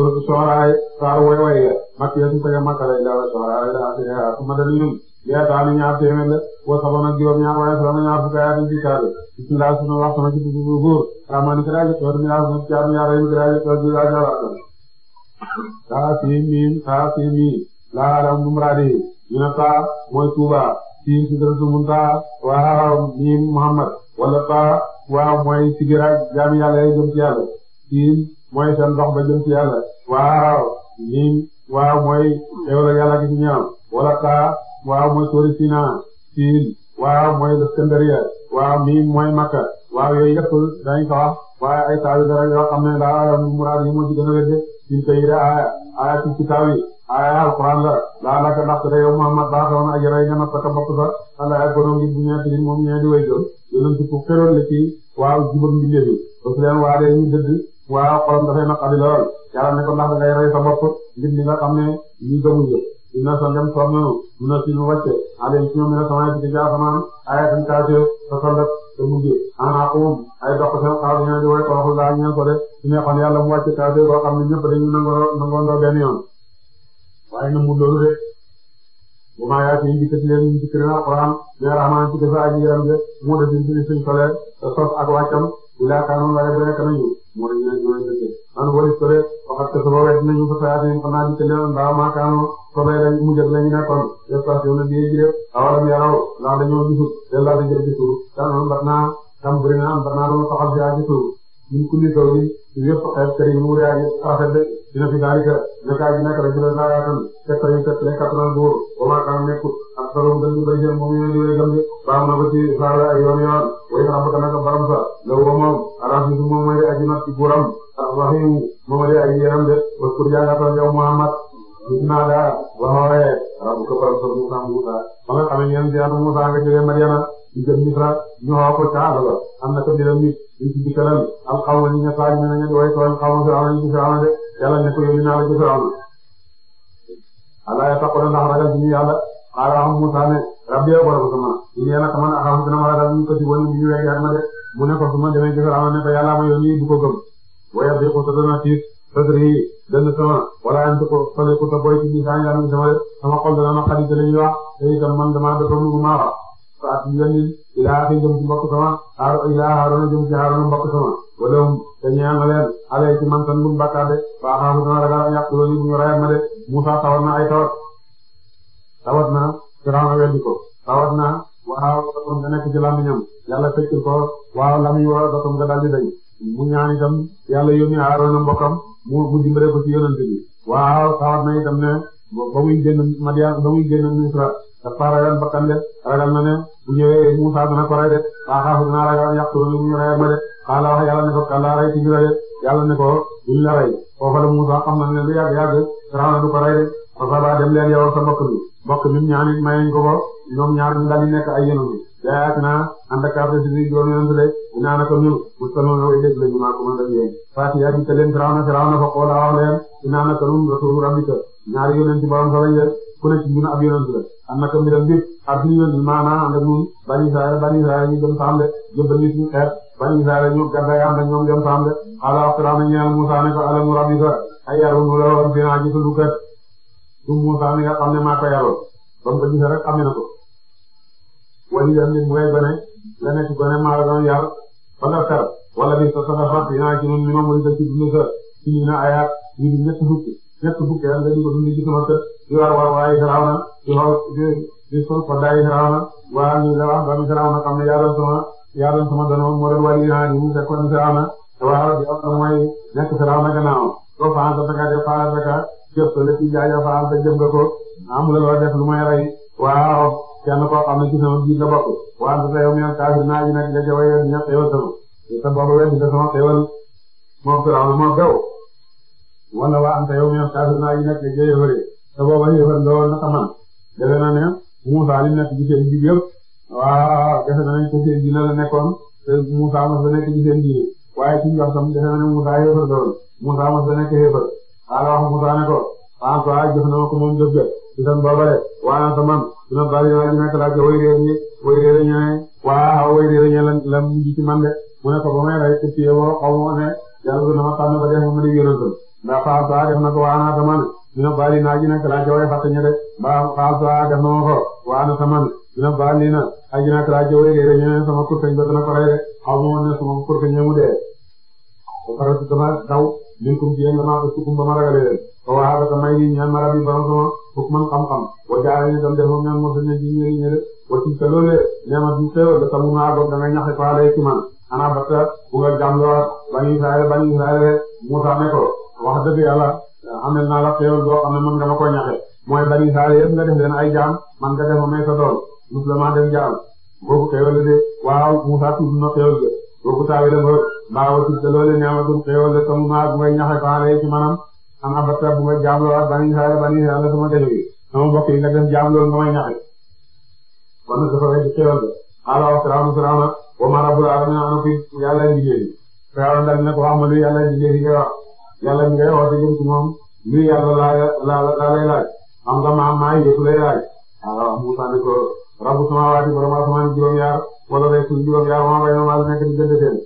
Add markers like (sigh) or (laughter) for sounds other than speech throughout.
sooraatu Shu'ara saaru way way la Makkiya su fekkee Makka lay dara Shu'ara lay dara te yaa su ma dellu yaa daanu la wa sabon ak juróom ñaar waaye sabon ñaar fukki ayaat ci kaabe bismillah sunu wax sama ci bu góor ramani kira ji toor ñaar mu jaar ñaar yi kira ji toor ñaar ñaar ak taa siin miin taa siin miin laa alam numraadi ñu ne taa mooy Tuuba siin sidratu munta waaw miin Muhammad wala taa waaw mooy sibira jaami yàlla yi jëm ci mooy seen dox ba jëm ci yàlla waaw lii waaw mooy xéwal yàlla gi ci ñoom wala taa waaw mooy sori Sina siin waaw mooy Iskandariya waaw miim mooy Makka waaw yooyu yëpp dañ ko wax waaye ay taawi dara yoo xam ne daa alam muraad yi ci gën a wédde sin te yida aaya aaya ci kitaaw yi aaya alquran la laa laka ndax te yow Muhammad daa xawoon ajëray nga nattaka bopp sa alaaya gono ngi bu ñeeti moom ñee di way doon yonent ku xeroon la ci waaw xolam dafay naqari lool yàlla ne ko ndax ngay rey sa bopp ngir li nga xam ne lii gëmul yëpp dina sa ndem soog nañu dina si ñu wàcce allé ci jaar sama ay atum caasé sa soxla te mujjee xanaa xawum ay dox seen xaalis ñoo di woy toroxlu laa ñeen ko de su neexoon yàlla mu wàcce caasé boo xam ne ñëpp dañu waaye na mu loolu bu ma yaatu yi njëkk ci leen njëkk na alxuraan ne rahmaan ci dafa aji yaram ge mu def ci mooy ñooy ñooy dëkk man wala su dee waxat ko sama wet nañu ko saa yi xam naa di tëjee ndax maakaanu soobee lañ mu jël lañu nekkoon station na bii jëf awalam yaraw ndax dañoo gisul teel laa di jël gisul kanam bat naa tam bëri naa bat naa doon soxal jaa gisul ñun ku ñu taw bi yëpp fi daal di kër nakaay bi nekk rek dina saa yaatan yu sept les quatre vingt góor ba maakaanu nekkul ak solo mu dañu bëri jël moom ñooy diwee gëm de baax na ko azizu moom mooy aji not ci nguuram ar-rahiim moom mooy aji yërëm de waskur yaa nga toog yow Muhammad gis naa daa waxooree rabbuka borom sa Musa Musa ba nga xamee yéen diwaanu Musa nga jógee Madyana di jëm Misra ñu xoo ko ca àll ba am na ko biram nit ñu ci dikkalal al xawma ñu ne saa ñu ne ñu di way tooñ xawma Firawna ñu ci Firawna de yàlla ne ko yóbbu naa la ci Firawna ala ya taquna ndax ragal ñu yàlla xaaral Musa ne rabbi borom sama ñu yéen a xamal axam dina ma ragal ñu ko ci wone ñu wéy ak ma de mu ne ko su ma demee ne ko yàlla ma yónni du ko gëm waaye bi tiit sadri dana sama wala an ko fane ko ta boy ci bisaan yàlla sama sama xol dana ma xarit lañuy wax te itam man dama dafa mu ma wax fa ci yenni ila fi jëm ci mbokk sama ar ila harona jëm ci harona mbokk sama wala te ñaan leen ale ci man tan bu bakkaade fa xamu dana ragal yàq loolu bu ñu rayal ma Musa tawat ay tawat tawat waaw doxam nga nekk ci làmmiñam yàlla fekkil ko waaw làmmiñ waaw doxam nga daldi dañ mu ñaan itam yàlla yónni Haaruna mbokkam mu mu dimbale ko ci yonent bi waaw xawaat na itam ne ba ragal na ne bu ñëwee Musaa dana ko rey de waaxaafu dana ragal yàqtuna bu ñu rey ma de xaala wax yàlla ne ko kàllaa rey ci yàlla ne ko duñ la rey foofa la Musaa xam na ne lu yàgg yàgg Firawna du ko rey de fa sabaa dem leen yow sa mbokk bi mbokk mi ñaanin mayeñ ko ko ñoom ñaar ñu daal di nekk ay yéen a ngi. jaayaat naa ànd ak kàddu gi di doon yëngatu de dinaa ne ko ñun mosal ma ne dégg la ñu maa a yaa ngi te leen firaw na firaw na fa xoolaa wax leen dinaa ne ko ñun retour am itam ñaari ci ñun ab yonent la am na ko mbiram bi ak ñu yónni maanaam ànd ak ñun bani Israël bani Israël ñu jëm saam de jëbbal ñu suñu xeet ñoom jëm su Musaa mi nga xam ne maa ko yàlla ba mu ko gisee rek amee na ko wali dem ni ngay gone nga nekk gone maa la doon yar ba nga fer wala bi sa soxla fàq yaa ci ñun ñu ma mën a ci dund sa ci ñu ne ayaat ñu ngi ñett fukki ñett fukki at nga di ko dund ci sama kër di war war waaye xaraw na di xaw di di sol koddaay xaraw na waa ñu la wax ba mu xaraw na xam ne yaa doon sama yaa doon sama doon moo doon wali yaa ñu mu fekkoon xaraw na te waa di am mooy nekk xaraw na gannaaw doo faa nga fekk a def faa nga fekk jëf la ci jaaja faram te jëf nga ko am la loo def lu may rey waaw kenn koo xam ne ci sama biir la bokk wante te yow mii kaafir naa ji nag nga jawee yow di nga xewal sama te boobu weddi nga sama xewal moom firaw na moom bew wala waa am te yow mii kaafir naa ji nag nga jawee yow te boobu yëfar nga woon naka man defe naa ne Moussa li nekk ci seen ji yëpp waaw defe naa ne ci seen ji la la nekkoon te Moussa mos la nekk ci seen ji waaye ci njortam defe naa ne Moussa yëfar nga woon Moussa mos la nekk yëfar xaaral wax Musaa ne ko ah waaye jëf na ma ko moom jëf jëf ci seen boobale waaye sa man dina bari naa nekk laaj way réer ñi way réer ñi ne waaw mu ne ko ba may rey ku ci yow xaw ma ne yàlla ma tànn ba def ma di yonantal ndax xaaral saa def na ma ko waaye sa man dina bari na ay ji ne sama ma ne sama kurteñ mu dee minkum ci yéen damaa ëstukum ba ma ragale leen fa a dafa may ni ñaan ma rabbi borom sama hukman xam-xam wa jaaree ñu dem defoo ñaan wa ci sa loolee ñaama ci xéewal nga ñaxe ko wax dëgg yàlla amel naa la xéewal boo xam ne mën nga ma ko ñaxe mooy bani israël nga def leen ay jaam man nga def ma may sa doon musulman def jaam boobu xéewal de waaw Musa tudd na xéewal de boobu tawee dafa ne amatul xéewal la sama maa bu may ñaxe baale ci maanaam an abata bu may jaamloo ak bani xaar bani xaar la sama gëj gi sama mbokk yi nga def jaamloo nga may ñaxe kon dafa wéy ci xéewal la ala wa salaam salaama wa ma rabbul alamin ana fi yàlla liggéey xéewal dal ne ko wax ma lu yàlla liggéey ngay wax yàlla mi ngay woote jëm ci moom lu yàlla laa laa lay laaj xam nga maam maa yëpp lay laaj waaw Moussa ne ko rabbu samaawaati borom asamaan juróom-ñaar wala day suuf juróom yàlla moom bay ma nekk di gëdd seen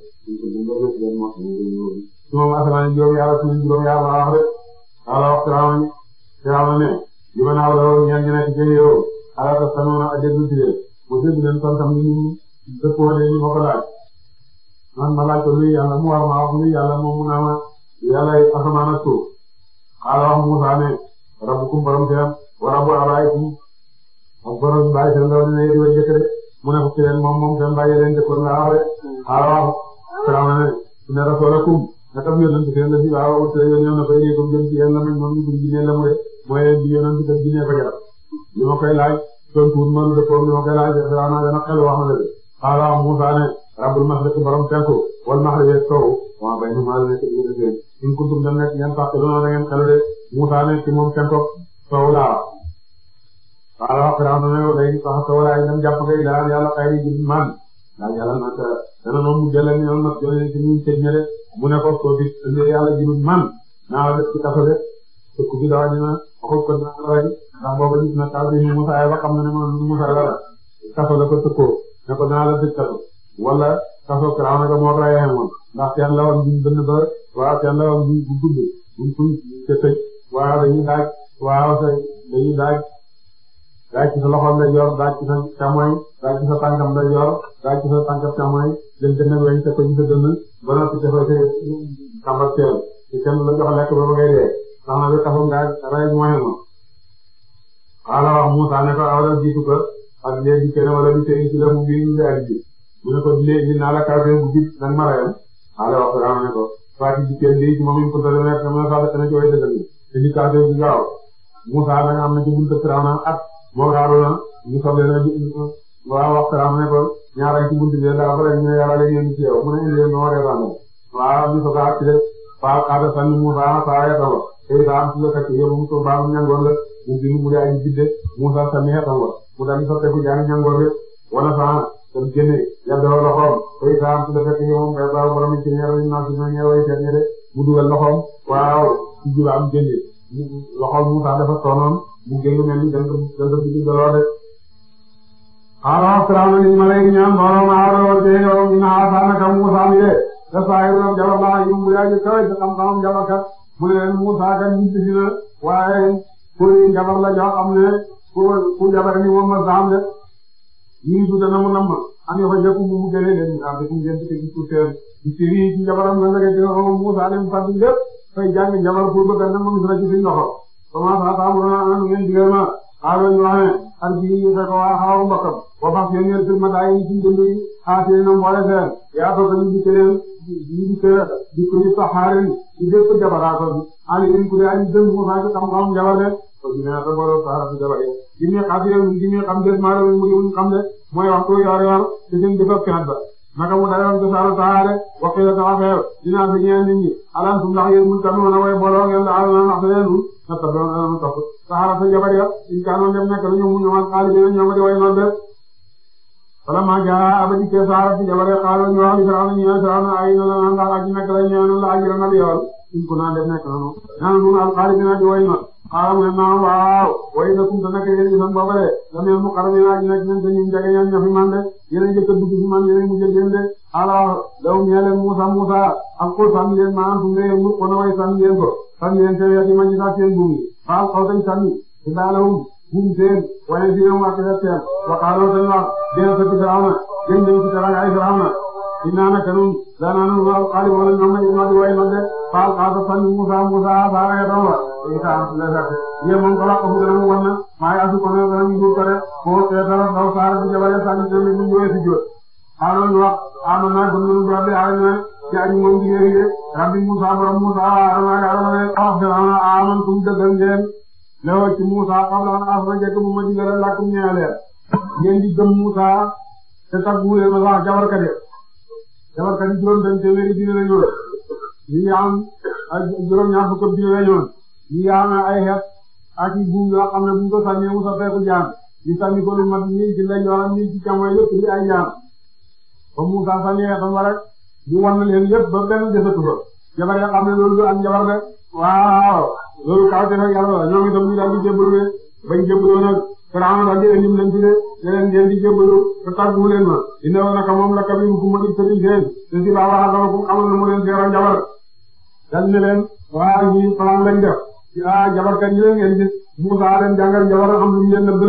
moom asamaan juróom yàlla suuf juróom yàlla wax rek yàlla wax Firawna Firawna ne li ma naaw la ñaan ñu nekk ci yow ala ta sanoona a déglu ci leen mu dégg leen tontam ni ñu dëppoo de ñu ma ko laaj man ma laaj mu war ma wax luy yàlla moom mu naa ma yàlla asamaan ak suuf xaala wax Musaa ne rabbukum borom seen wa rabbu abaayikum ak borom baay seen ndaw dina yëg wa jëkkëre mu ne ko kenn moom moom kenn bàyyi leen jëkkoon nga xaare xaaral salaamaaleykum ne rasulakum naka bi yonent bi la fi waaw wut yoon yoon na koy yéegum jëm ci yéen la muy moom itam jinne la mu de mooy bi yonent bi jinne ko jar li ma koy laaj tontuwul ma lu dëppoog li ma koy laaj xelal naa gën a xel wax na de xaaral Musaa ne rabbul mashriq borom penku wal maghrib yeeg sow waaw bay nu maa la nekk diggante seen in kuntum dem nekk ngeen fàq loolu da ngeen xelu de Musaa ne ci moom penku sow laa xaaral firaw na ne yow day sax tawalaay dem jàpp ngay daal yàlla xay na jëm man daal yàlla nag dana ma mu jëlee ñu nag jëlee ci ñun teg ñële mu ne ko soo gis ne yàlla jëm man naa la def ci kaso de dëkk bi daaw ñu na waxu ko dina la rey ndax boobu gis na taal bi mu musaay ba xam na ne moom mu musaay la kaso la ko tëkkoo ne ko naa la def kaso wala kaso firaw na ko moo rayee moom ndax seen lawoon buñ bënn ba waaw seen lawoon buñ bu gudd buñ ko te tëj waaw dañuy daaj waaw dañuy daaj daaj ci sa loxoom la yor daaj ci sa càmmoñ daaj ci sa tànkam la yor daaj ci sa tànkam càmmoñ jël jënd weñ te ko ci sa dënn ba noppi defal sa tàmbal teel te kenn la jox lekk ba ba ngay dee sax na bi taxul nga rey moyen ma xaala wax Musa ne ko awra jiitu ko ak léegi kenn wala du tey ci la mu ngi indi ak ji mu ne ko léegi naa la kafe bu jib nag ma reyal xaala wax Firawna ne ko faati ji kenn lii ci moom ñu pour demee sama sax dana ci way dëggal te ñu kafe bu gaaw Musa nag am na ci buntu Firawna ak moom Haaruna ñu soble na waaw waxtaan ne ko ñaareel ci buntu bi daa bëri ñu ne yàlla ne leen ñu ko mu ci la kat yow mu soo dafa loxoom mu génn ni jant jant bi di joloo rek xaaral Firawna ni ma lay ñaan borom aaroo te yow ñu naan daanaka Moussa de te saa yu doon yu mu yaay kawe te xam-xamam jalo kat mu leen Moussa kat ñu na waaye pour jabar la joo xam ne pour jabar ni moom ma saam de ñun su dana mu nam ma am yoo fa mu mu génnee leen ah dëkk ngeen di tegu pour teel di ci lii ci jabaram nga nekk ci loxo Moussa dem fàttali lépp fay jàng jabar pour bëgg a nam ma gis la ci suñu comment ça ça mënoon naa lu ngeen digal ma xaaral ñu wax ne arji ñu fekk waa xaw mbokkam ba fas yéen ngeen firma daa yi ci dënd yi xaas yéen a mboole seen yaa ko gën di keneen di di kër di ko di saxaarin di dégg ko jabaraa ko bi ani in ku dee ani jëm mu faa ci xam-xam jabar de ko dina ta boro saara si jabar yi di muy xaas yéen di muy xam des maa doon mu ñu xam de mooy waxtu yor yor ci seen jëfab kenat ba naka mu dayoon ko saaru saare waxtu la taxafeer dinaa fi ñeen nit ñi alaan sum ndax yéen mun tanu na way boloo ngeen la alaan wax leen na ko doon doon topp saxaara sa jabar ya in kaanoon dem nekk nañu mu ñëwaat xaalis yi ñoom di way noonu de bala maa jaa abadi ke saxaara sa jabar ya xaalis ñu wax li saxaar na ñu ne saxaar na ay na la ndax aji nekk la ñu ne la aji la na yool in ku naan def nekk noonu naan mu al xaalis na di way noonu xaaral mu ne maam waaw way na kum te nekk yéen itam booba de la meen mu xaram yéen aji nekk nañ te ñun jage yéen ña fi man de yéen a njëkk a dugg fi man yéen a mujj yéen de ala law ñeeleen Musa Musa ak ko sànni leen maanaam su ngeen mu ko na way sànni leen ko fan ngeen koy weesu ma ñu daal seen buum yi baal xaw dañ sànni ci baalawum buum seen waaye bii wax dee sa ci Firawna gën leen ci nun daanaa nun waaw xaali wala ñoom may ma di way ma de baal xaasa sànni Musa Musa baala ya dawa isa la sa ye moom ko la ko gëna mu wanna ko na gëna mu ko rek ko te dara daw saara bi jabale sànni tamit mu ñëwee si jóot xaaloon wax amana gënu ñu ci aji moom jigéen ñi rabbi Musa borom Musa Haaruna ak Haaruna wax Firawna amantum dëggal ngeen lewoo ci Musa xam la as na jëkk bu ma digale lakum ñeeleen ngeen di gëm Musa te taggu leen wax jabarkat yi jabarkat yi juróom benn téeméeri dina la dina la ñoon ñi am ay xeet ak i buum yoo xam ne bu ñu jaan ñu sànni ko lu mat ñi ci lay yoram ñi ci càmmoñ yëpp li ay jaan ba Musa sànnee xeetam wa ñu wan leen lépp ba benn desatu fa jabar ya xam ne loolu du am jabar de waaw loolu kaw te nag yàlla ñoom itam ñu daal di jébbalu de bañ jébbaloo nag Firawna daal di leen ci de te leen ngeen di jébbalu te tàggu leen ma inna naka moom la kabir ku ma di sëriñ seen te si baa waxal sama leen seeral jabar dañ ne ñu leen ngeen gis Musaa leen jàngal leen nëbb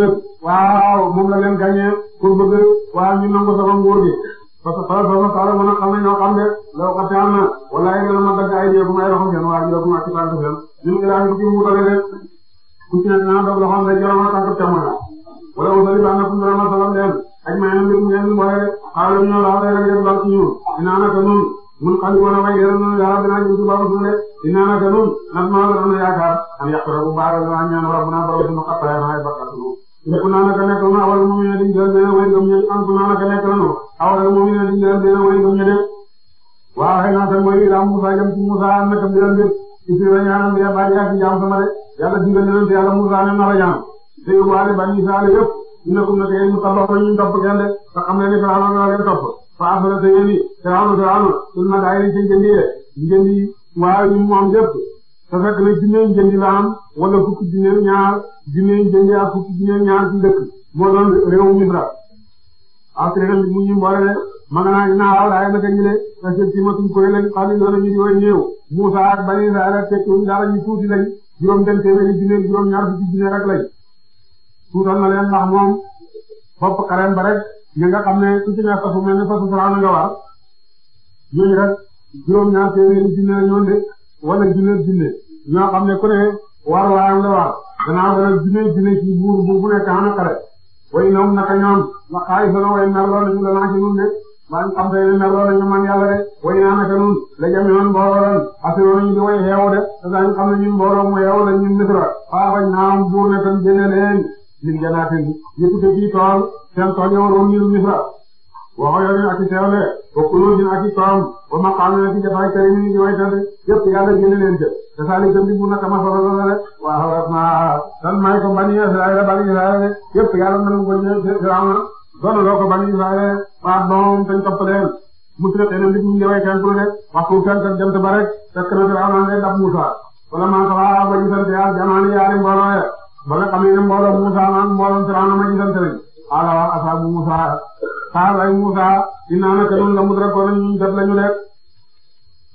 waaw moom la leen gañee pour bëgg waaw ñu nangu sama nguur gi parce que xalaat soo ko taala mën a xam ne ñoo xam de loo xam te am na walaay dana ma dagg ay dégg may loxo ngeen waaye dina ko ma ci tànk ngeen ñun ilaa ngi ci wutale de ku ci nekk naa doog loxoom rek jëloon tànk càmmoñ la wala wasali ba na kum dara ma salam leen ak may ñu ngeen mboole de xaaral ñoo la xale rek def bal ci ñun dinaa naka nun mun xam woon a way yërëm nun yàlla dinaa jëm ci baabu suñu de dinaa naka nun nag maa la doon yaakaar am yàq rek bu baax rek dinaa ñaan war naa borom sama xattaay naa ay bakkat lu nekk naa naka nekk na awal mu ñu di jël ne way ngam ñu am naa naka nekk na awal mu ngi leen di leen dee wéy ba ñu def waaw xëy na sax mooy ilaa Musa jëm ci Musa am na tam di leen def ci suñu ñaanam yaa bari ak sama de yàlla digal na leen te yàlla Musa ne nar a ñaan te yóbbuwaale bani Israayil yëpp ñu ne ko nag yéen ñu topp ba ñu topp kenn de te xam topp fa afala te yéen i Firawna Firawna suñu ma daay ci njënd yi njënd yi waaw ñu moom yëpp te na junne njënd la am wala fukki junne ñaar junne junne ñaar ci dëkk moo asiran mu ñu mboole de magana ina hawla ay naka ñile ta seen timatum kuréel xali noona ñu di way néew Musa ak Bani Israayil tekkiwuñ dara ñu tuuti lañ juróom benn téeméeri junne juróom ñaar fukki junne rek lañ tuutal na rek ñu nga xam ne ne fasu mel ne fasu nga war ñooñu rek juróom ñaar téeméeri junne ñoon de wala junne junne ñoo xam ne ku ne war waayam la war gannaaw dana junne junne ci buur bu bu nekk xana way ñoom naka ñoom la xaay fa la way a nañu la naa ci ñun de man xam te ne merloo nañu man yàlla de way naa naka ñun la jami woon mbooloo lan asiroo nañu di way de te daañu xam ne ñun mbooloo mu xeewu la ñun misra faafañ naam buur ne tan jëne leen min janaatin ñu tukkee ci tool seen tool yow roon ñu misra waxoo yow ñu àgg teewle bokkul ñu àgg toom ba ma xaaral leen ci jotaay kër yi ñu ngi way tëdd yëpp yàlla génne leen jëf dafa di gëm di mun a kama faral la rek waaw xalaat naa lan ko bani Israël bani bani Israël waa doom dañ topp leen mu tudd xëy na nit ñi way kenn ku ne waxtu kenn kat jant ba rek fekk na Firawna lay dab Musa wala maa ko waa ba ñu sant yàlla jamono yaari mbooloo ya ba nga xam ne Musa maanaam mbooloo Firawna ma ñu sant rek ala waa xaar lay Musa dinaa naka noonu la mu dara ko ñu def la ñu def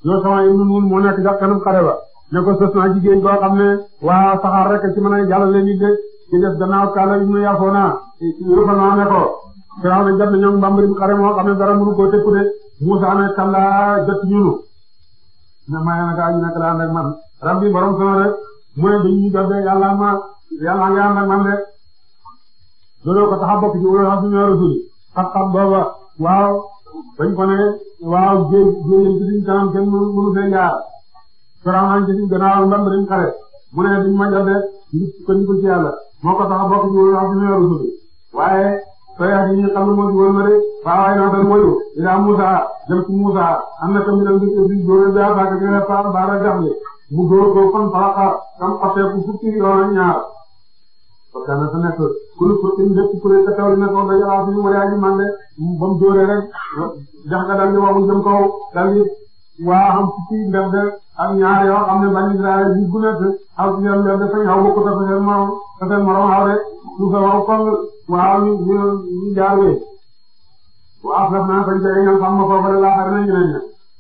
yoo sama ibnu Nun moo nekk ndax kanam ba ne ko sës naa jigéen koo xam ne waa saxaar rek ci mën a jàllale nit de ci def gannaaw kaala ibnu Yafoona rëfal naa ne ko Firaaw na na ñoom bambarim xare moo xam ne dara mënu koo de Musa ne kallaa jot ñunu na maye naka aji naka la ànd man rabbi borom sama rek mu ne dañuy de yàlla ma yàlla nga ànd man de loolu ko tax a xam-xam booba waaw bañ ko ne waaw géej géej ci suñ kanam kenn mënu mënu fee jaar Firawna ci suñ gannaaw mu ne duñ ma jox de nit ko nit ci yàlla moo ko tax bokk ci wóor wax suñu yoru suuf waaye sooy yi ñu xam ne moo ci wóor ma de waawaay naa dañ woyu ila Musa jëm ci Musa am na tamit dañ ko ci dóor ba ba ka gëna fa ba ra jaxle mu dóor ko kon fa xam xotee ku fukki yoon ñaar parce que dafa nekk ku ne ku ne ku ne ka taw li nekkoon dañuy wax suñu walaay bi man de ba mu dóoree rek jax nga daal di wax mu jëm kaw de ak ñaar yoo xam ne bani Israël bi bu nekk aw ci ko wax kon waaw ñu ñu ñu jaaree waaw def naa sañ cee ñoom xam nga foofu laa xam ne dinañ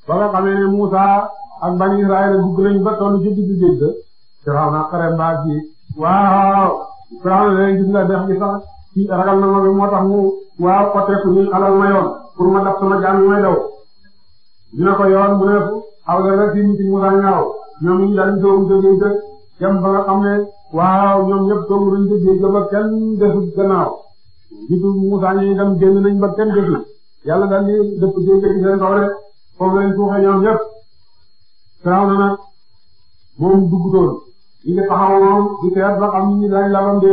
ba nga xamee ne ak bani Israël bugg nañ ba toll ci digg géej ga. naa xare mbaa ji Firawna leen gis nga dex gi sax a ragal na ma bi tax mu waaw xotteeku ni alal ma yoon pour ma daf sama jaam yi may daw ñu ne ko yoon mu ne aw la rek ci ci Musaa ñaaw ñoom ñoom ñëpp doomu lañ jógee dëkk ba kenn desul gannaaw jiitu Musaa ñi nañ ba kenn desul yàlla daal di dëpp jógee dëkk seen kaw rek foofu lañ tuuxee ñoom ñëpp Firawna nag moom duggutoon indi taxawoo di seet ba xam ñu lañ labam de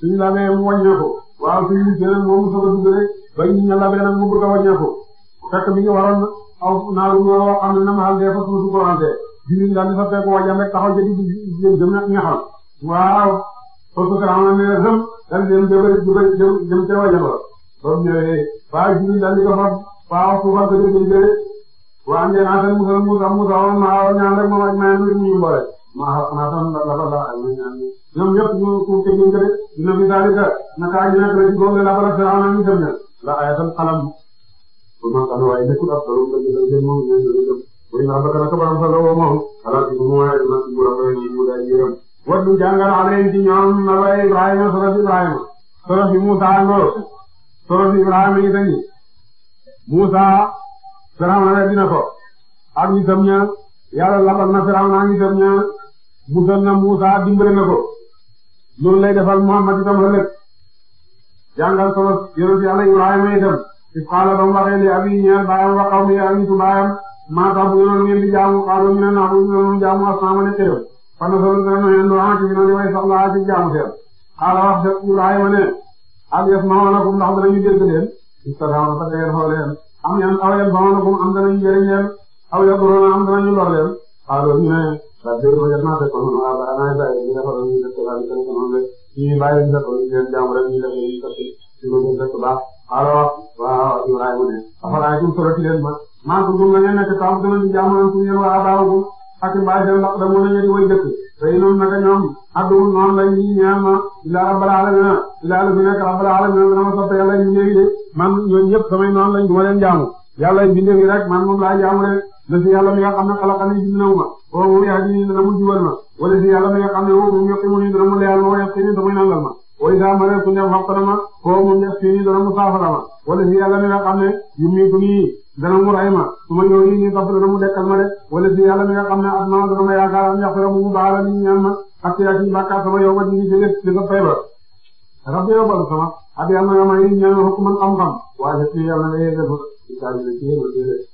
suñu mu wàññeeku waaw suñu jëlee moomu soog a dugg rek ba ñu ñu labee nag mu bëgg a wàññeeku mi ngi waroon aw naa lu ñu na ma xam dafa suuf si korante jiw di fa fekk wàññeeku rek taxaw jëndi jëm jëm nag ñaxal waaw foofu sax am na ne jëm daal di leen jëm jëm jëm ca wàññeeku la. donc ñooy waaye di ko fa waaw suufam ko jënd jënd waaw ngeen naa seen musa musa musa woon naa ñaan rek maa ngi leen di maa maa tam la la ñoom ñëpp ñu suuf si ñu a na ñu la ayatam xalam bu ma xam waaye nekkul ak xalam musal na Musa dimbale na ko loolu lay defal Muhammad itam ëllëg jàngal solo yonent Yàlla Ibrahima itam is qaala ba mu waxee li abi ñeel baayam wa qawmi ak nitu baayam maa tax bu ngeen ngeen di jaamu xaaral ñu ne naa bu ngeen jaamu asnaama ne teew fan la solo dana ngeen doon ci dina li may soxlaa ci jaamu seen xaala wax de Ibrahima ne am yasma'unakum ndax danañu dégg leen istaghaama sax ngeen xool leen am yan aw yasma'unakum am danañu jëriñ leen aw yadurruuna am danañu lor leen xaaral ñu ne parce que ma jot naa fekkoon man waa balaa maa ngi bàyyi ñu defaroon ñu def ko daal di ko defoon rek ñu bàyyi ñu defoon ñu leen jàmm rek ñu def ñu def ci ñu def ko baax alors waaw Ibrahima ne afalaa ñu toroti leen ma maa ko gëm la ngeen nekk taam gën a di jàmm suñu yéen waa baawu ak mbaa seen ndax dama la ñetti way dëkk tey noonu naka ñoom adduwul noonu lañ ñi ñaan ma ila rabbal alamin ila la fi nekk rabbal alamin dama sopp yàlla ñu léegi de man ñoom ñëpp samay noonu lañ du ma leen jaamu yàlla bindee rek man moom laa jaamu rek la si yàlla mi nga xam ne xalaxani bind na mu ma woowu yaa ji nii dana mu jubal ma wala si yàlla mi nga xam ne woowu moom yokki mu nii dana mu leyal ma wala si nii damuy nangal ma way daa ma rek ku ndem xartana ma koo mu nekk si nii dana mu saafara ma wala si yàlla mi nga xam ne yu miitu nii dana mu ray ma su ma ñëw yii nii topp dana mu dekkal ma de wala si yàlla mi nga xam ne at ma dana ma yaakaar am yaxtara mu mu baala ni ñaan ma ak yaa ci bàkkaar sama yow ma di ci lépp ci sa fay ba rabbi yow ba sama at yàlla nga may ñaan xukman xam-xam waaye si yàlla nga yegal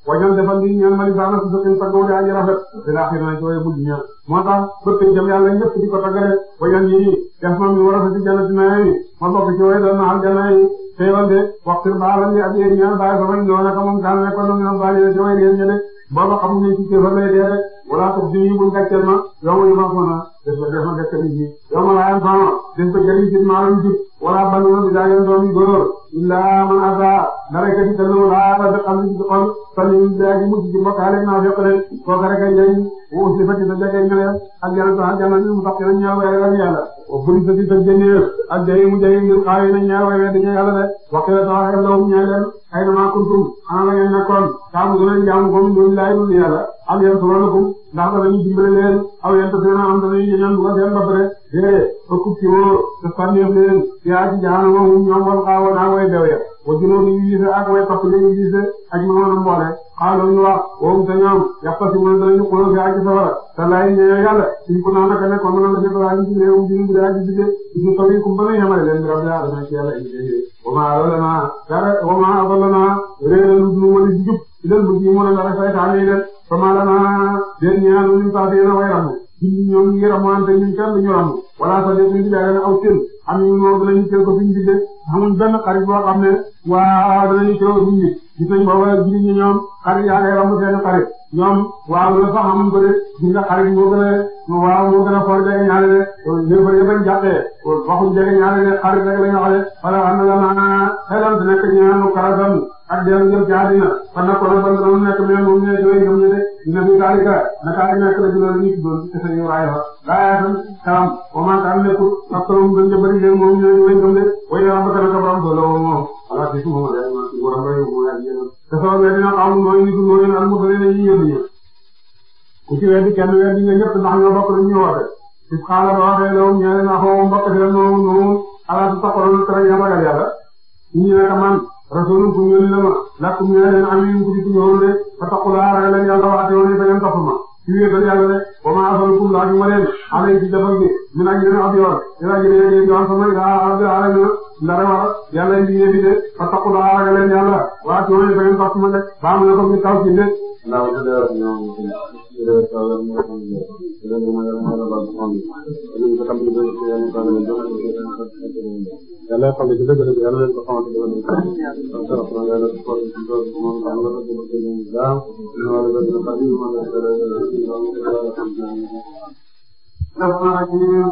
waññoon defal li ñaan ma li baax na su fekkee sa góor yaa ngi rafet dinaa xëy na ci waaye mujj ñaan moo tax bët yi jëm yàlla ñëpp di ko tàggale waññoon yi nii mi war a fi ma bokk ci waaye doon na xam jàllaa yi teewal de waxtu baalam yi ak yéen ñaan baaye sama ñoo naka na ñoom baaye ci waaye réer ña de booba xamuñu ci kéefar lay dee rek wala ko fi ma yow yu ma ko def ko def na def ko nit yi yow ma laayam sama def ko jëriñ ci maalam jub wala ban yoon bi daa leen doon góor illaa man ataa dara ka ci delloo laata def am ci xol fan yii daa ji mujj ci mbokkaale naa fekk leen kooka rek a njëriñ bu usi fa ci sa jege ñëwee ak yàlla sax jàmm nañu mu tax ci ñaar way ak yàlla wa buri sa ci sa jëñee ak jëriñ mu jëriñ ngir xaawee na ñaar way dañu yàlla de waxtu la tax ak lawum ñaar leen ay na maa kuntum xanaa la ngeen nekkoon taa mu gën a jaamu ko mu ñu laay dul yàlla am yéen solo lakum ndax danañu dimbale leen aw yanta seen anam danañu ñëñoon dugal seen ba pare é ëkkub ci woo te fànneef leen yaa ci jaanuma hum ñoom wal xaawoon ak way bew ya wa junóobi ñu gise ak way topp lañu gise ak mamoon mboole xaalo ñu wax woom te ñoom yàppa si mën danañu xuloo fi aji sawara te laay ñëwee yàlla suñ ko naan naka ne ko mënoon a ñu sile um jinu bi daa ji sige uñu tawi kum bana yamale leen bi rabbi adama ci yàlla indi jub ci leen bu a famalana den ñaan ñu tax dina way ramu ñun ñoom ñu ngi ramante ñun kenn ramu wala sa def ñu aw cër am ñu noor dinañu cër ko fi ñu digge benn xarit boo ne waa dinañu cër ko fi ñu digg ba wala gis ñoom xarit yaa ngay ramu seen xarit ñoom waaw la sax amuñ ko de gis nga xarit moo gën a waaw moo gën a xool jege ñaare de yëpp yëpp a jàppee waxuñ jege ñaare de xarit la ñu waxee wala am na la maanaam xelam nekk ñu naan kàlla ak jërëjëf jaadina kon nag kon nekk mais moom ñooy ñooy gëm inna fi daalika naka nekk na ci loolu ñu tuddoon ci kese Ibrahima laayaatan kalam wa maa kaana nekkul aktaruhum gën ja bëri leen moom ñu ne way gëm de way rabbaka naka borom doole woo moom ala ci suma wala ma ci borom bay mo ya yéen te sama be dina xam mooy ñu dul woon al mutale ne ñu yëndu ñu ku ci weddi kenn weddi nga ñëpp ndax ñoo bokk lu ñu woote ci xaala ba waxee law ñeena xoo mbokk ci la no no ala tu taqalu tara ya magal yàlla ñu ne ka man rasulun ku ñu yónni la ma lakum ñu ne leen am nañu guddi ku ñu woon de fa taqulaa ragal leen yàlla waate woon da ngeen topp ma ci wéetal yàlla de wa ma asalukum laaju ma leen alay ci defal bi ñu nag yéen ab yoon ñu nag yéen yéen yoon sama ila ardi alana ndare war yàlla yi fa taqulaa ragal leen yàlla waate woon da ngeen topp ma de baa mu ne naaw su dee ñoom ñoom Sow ñoom ñoom ñoom ñoom ñoom ñoom la baax moom ñu ko xam ne ñoom ñoom ñoom ñoom ñoom yàlla xam ne ci dëgg dëgg yàlla leen ko xamal ci dëgg dëgg donc trop na nga def xool ci loolu moom xam nga ko dëgg dëgg ñu daaw ñu war a dëgg na xam ñu mën a dëgg donc yàlla xam ci ñoom الرحيم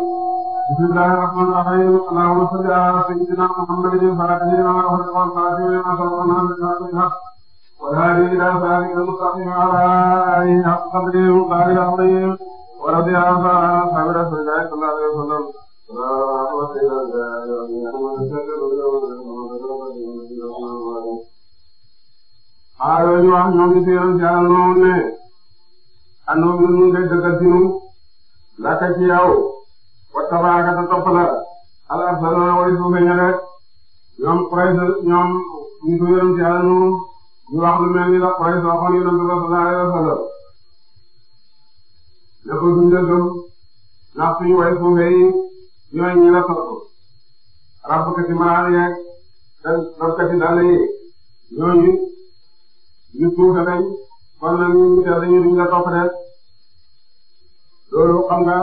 بسم الله الرحمن الرحيم اللهم صل على سيدنا محمد الفاتح لما أغلق والخاتم لما سبق ونادي إلى صراطك المستقيم على آله حق قدره وقدر عظيم ورضي الله عن أصحاب رسول الله صلى الله عليه وسلم xaaral di wax ñoo ngi seeral si àll moom ne àndoo bi ñu ngi koy dëkkal si ñun laata ci yow wa tabaaka te topp la ala asalaamaaleykum ñoom Quraysh ñoom ñu ngi koy yoroon si àll moom. ñu wax lu mel ni la Quraysh waxoon Yonent bi sallallahu alayhi wa sallam ne ko duñ la gëm ndax suñu way suufe yi ñooy ñi la sopp rafkati maraar yeeg rafkati dàll yi ñooñu ñu suufe lañ kon nag ñu ñu teel dañu duñ la topp de loolu xam nga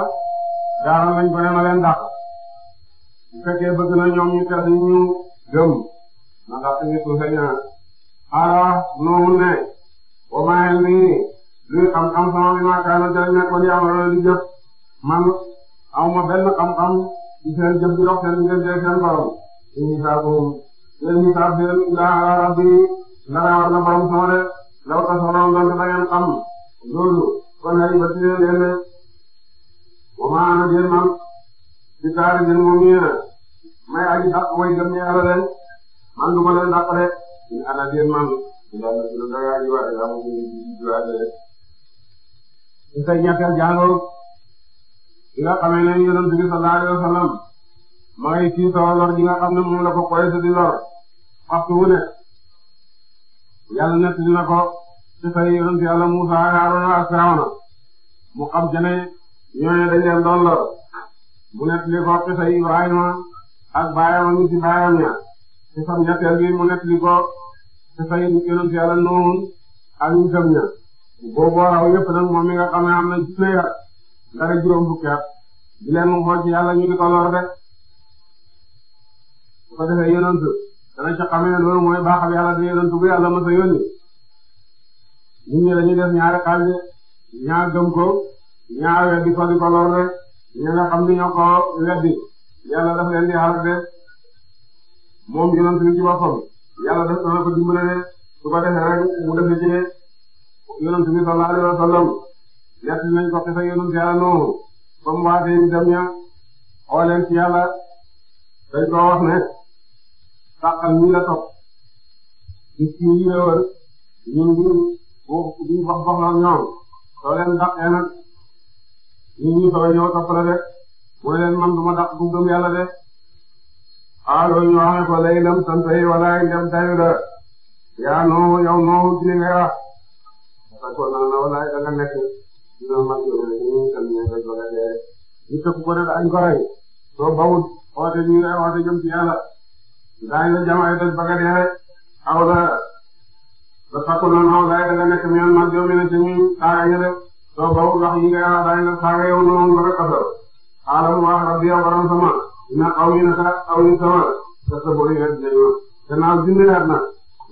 daaral lañ ba ne ma leen dàq bu fekkee bëgg na ñoom ñu teel ñu gëm ndax suñu suufe ñaa ala nuuhu ne wa maa ilmii luy xam-xam sama bi maa kaana ca nekkoon ya'maluuna di jëf man awma benn xam-xam ci seen jëf di dox seen diggante seen in hisaabuhum seen hisaab seen ilaa ala rabbi ndara na borom sama de law tasaloon doon da ngeen xam loolu kon ay batti leen leen de wa man ci taari ngeen moom may aji dàq way gëm ne man du ma in ana birman yalla sunu dara ji waxe amu ci juwaade ci sa ñettel jàngoro li nga xamee ne yonent bi sallallahu alayhi wa sallam ma ngi ci taw lor gi nga xam ne moom la ko koy di lor waxtu wu ne yàlla nett dina ko ci say yonent yàlla Musa Haaruna ak Firawna mu xam jene ñooñu dañ leen doon lor mu nett li ko ci say Ibrahima ak baayam ñu ci baayam ña ci fan ñetteel bi mu nekk li ko ci fay yonent Yàlla Nuux ak ñu gëm ña boobu raw yëpp nag moom mi nga xam ne am na juróomi at ndare juróom fukki at di leen xool ñu di ko lor de bu ko defee yonent dana ca xamee loolu mooy baaxal yàlla de yonent bu yàlla mës a yónni nit ñi dañuy def ñaari xaaj ñaa gëm ko ñaa weddi ko di ko lor de ñi nga xam ne ñoo weddi yàlla daf leen di xaar de moom yonent bi ci boppam yàlla def dana ko dimbale su ko defee rek mu defee ci ne yonent bi sallallahu alayhi wa sallam nekk nañ ko xisa yonent yàlla noonu ba mu waatee ñu dem ña xooleen ci yàlla dañ ko wax ne sàqal ñii la topp gis ñi yéewal ñun wax wax la ñoom soo leen dàqee nag ñun ñu la de mooy leen man du ma dàq du xaaloo ñu wax ne ko lay lam santay walaay ndem dayu la yaa nooxu yow nooxu ci li ngay wax dafa ko naan walaay da nga nekk dina mag yow rek ñu kan ne rek wala dee ñu tëkk ko ne daañ ko rey soo bawut xoote ñu ngay xoote jëm ci yàlla daañ la jamaay daj ba nga dee rek aw la dafa ko naan walaay da nga nekk mi an mag yow mi ne ci ñu saaga ñu def soo bawut wax yi ngay wax daañ la saaga yow noonu nga rek xasal xaalam wax rabbi yow borom sama inna qawmi naka qawmi sama yastabuuna dinañu gannaaw dindiwaat na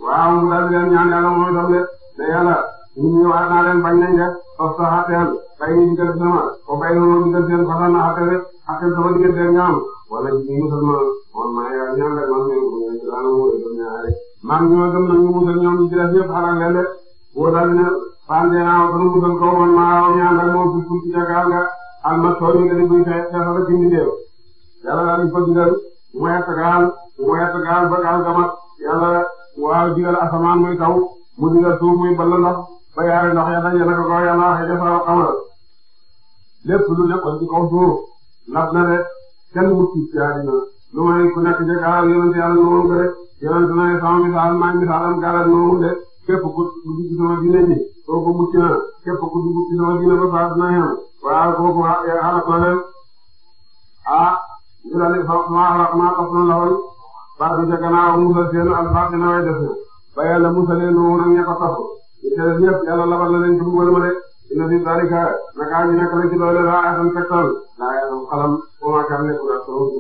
waaw mu daal di leen ñaan yàlla moom itam de ne yàlla nit ñi waat naa leen bañ nañ de foofu sax àtteel bàyyi ñu digal sama foofu bàyyi moom digal seen na àtte rek àtteel sama digal seen ñaam wala ñu musal ma man maa yaa ñaan rek man ñu ngi ci laana mu gëm ñaar rek man ñu ma gëm nag ñu musal ñoom ñu ci def ñëpp xalaat leen de boo daal di ne fànn dee musal ko man maa ñaan rek moom pour pour ci jagaar nga alma soo ñu nga di buy yàlla daal ko digal mu wett gaal mu wett gaal ba gaal ga mat yàlla waaw digal asamaan muy taw mu digal suuf muy ball ndox ba yaari ndox ya daje naka ko yàlla waxee dafa xamal lépp lu nekkoon ci kaw suuf lab na de kenn wut ci yaari na lu may ku nekk ca gaal yonent yàlla noonu rek yonent na sama misaal maa ngi misaalam gaal noonu de képp ku dugg ci sama diine ni kooku mucc na képp ku dugg ci sama diine ba faat na hem waaw kooku xalak na leen ah, eh, ah, ah, ah ñu daal di foofu maa xalaat maa topp na la woon par bi ca gannaaw musal seen albatina way dese ba yàlla musalee noonu ak ña ko topp ñu ca def ñëpp yàlla labal na leen ci mbugal ma de dina fi dalika naka ñu nekk na ci doole laa asan tegtal laa yaram xalam bu ma kam nekk na soo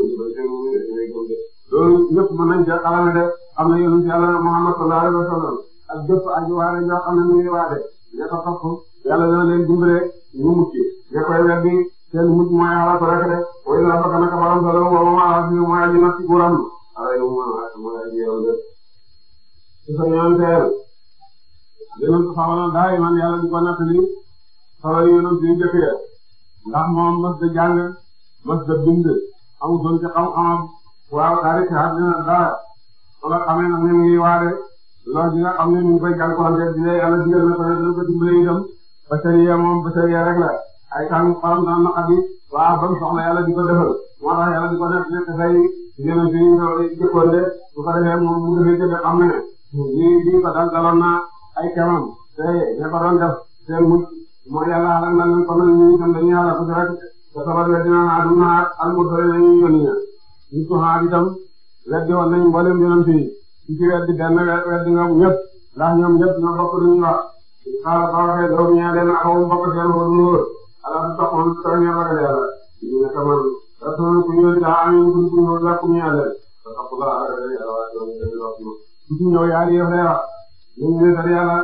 loolu ñëpp mën nañ ca xalame de xam na yonent yàlla Muhammad sallallahu alayhi wa sallam ak jëf aji waare ñoo xam ne ñu ngi waade ña ko topp yàlla dana leen dimbale ñu mucc ña koy weddi seen mujj mooy xalaat rek de way la bëgg naka baram sa doom boobu maa la fi mooy aji na ci góoram ala yow mooy la mooy aji yow de ci sa ñaan teel yonent xamal daay man yàlla di ko natt li solo yonent yu jëkk ya moom mas da jàng mas da bind amul doon ci xam-xamam waaw taarix àddina dara wala xamee nag ne mu ngi waare loolu di nga xam ne mu ngi koy jànkuwante di lay yàlla digal na ko ne dina ko dimbale itam ba sariya moom ay kaanu xorom daan na xam waaw ba mu soxla yàlla di ko defal moo tax yàlla di ko def nekk dafay yéene suñu jëkkoon de bu ko defee moom mu defee jëfe xam ne lii lii ko dal daloon na ay kemam te ña ko doon def seen mujj mooy yàlla xalal na leen comme ni ñu dañuy yàlla ko rek te sabar la dina naa dum naa almursale nañu yónni ña ñu ko xaar itam weddi woon nañu mboolem yonent yi ci ci weddi benn weddi nga ñëpp ndax ñoom ñëpp ñoo bokk luñu wax xaaral ba waxee doom ñaa leen ak bokk seen xolu ala taxul sax ña ragal yàlla ñu ne tamit rasul ku ñëw daa amee ku ñu ñëw yàqu ñu yàlla ba taxul laa ragal yàlla waaye doo ñu demee wax ñu ku ci ñëw yaa di def leeral ñu ñu ne yàlla